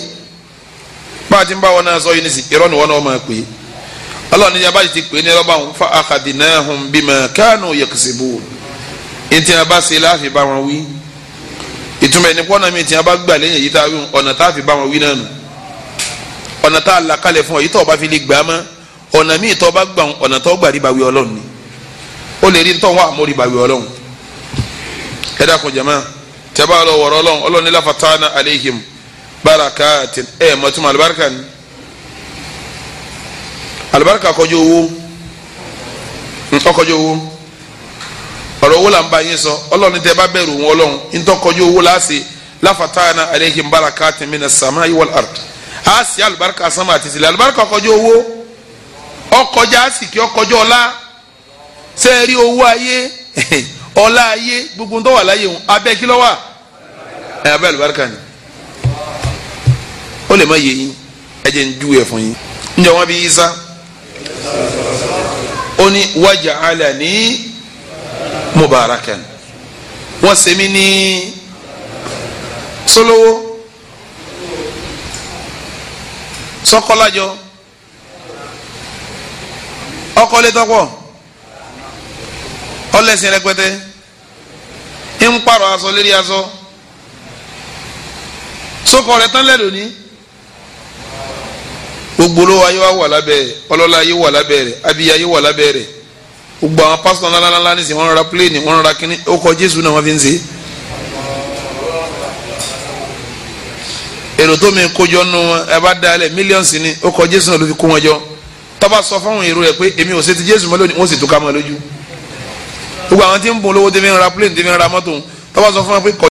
bá a ti ń bá wọn náà sọ yìí ní sí irọ́ ni wọn náà máa pè é ọlọ́run ní abáyé ti pè é ní ẹlọ́ba àwọn fa akhadinahum bima kanu yaksibu ntí abá se láàfin bá wọn wí ìtumọ̀ ẹni pọ́nà mi tí a bá gbà lẹ́yìn èyí tá a wí ọ̀nà tá a fi bá wọn wí náà nù ọ̀nà tá a là kalẹ̀ fún ọ yìí tó o bá fi lè gbà á mọ́ ọ̀nà míì tó o bá gbà ọ̀nà tó o gbà rí wí ọlọ́run ni ó lè rí ntọ́ wọn àmọ́ rí bá wí ọlọ́run ẹ dákun jama tẹ bá lọ wọ̀rọ̀ ọlọ́run ọlọ́run ní lafatana aleihim barakatin ẹ mọ̀túnmọ̀ alibarika ni alibarika kọjú owó nkọ́ owó ọ̀rọ̀ owó là ń bá yín sọ ọlọ́run ní tẹ́ bá bẹ̀rù wọn ọlọ́run ní tó kọjú owó láàṣẹ láfàtàna àlẹ́yìn barakati mina sàmà ìwọl àrùn a sì alùbáríkà sánmà àti sílẹ̀ alùbáríkà ọkọjọ́ owó ọkọjọ́ àsìkí ọkọjọ́ ọlá sẹ́ẹ̀rí owó ayé ọlá ayé gbogbo tó láyé wọn abẹ́ kí lọ́wọ́ ẹ̀ abẹ́ alùbáríkà ni ó lè má yé yín ẹ jẹ́ ń ju ẹ̀ fún yín ń wọ́n bí yísá ó ní wájà alẹ́ ní mubarakan wọ́n ṣe mí ní sólówó sọ́kọ́lájọ ọkọlétọ́pọ̀ ọlẹ́sìn rẹpẹtẹ ń pààrọ̀ aṣọ lérí aṣọ sókọ rẹ tán lẹ́nu ní gbogbo ló wa yóò wà lábẹ́ rẹ̀ yóò wà lábẹ́ rẹ̀ abiyá yóò wà lábẹ́ rẹ̀ gbogbo àwọn pásítọ̀ ńláńláńlá ní sìn wọ́n ra pléènì wọ́n ra kínní ó kọ jésù náà wọ́n fi ń ṣe. èrò tó mi kójọ nù ẹ bá da ẹlẹ mílíọ̀nsì ni ó kọ jésù náà ló fi kó wọn jọ tọ́ba sọ fáwọn èrò rẹ̀ pé èmi ò ṣe ti jésù mọ́ lónìí wọ́n sì tún ká mọ́ lójú. gbogbo àwọn tí ń bùn lówó tí fi ń ra pléènì tí fi ń ra mọ́tò tọ́ba sọ fún wọn pé kọ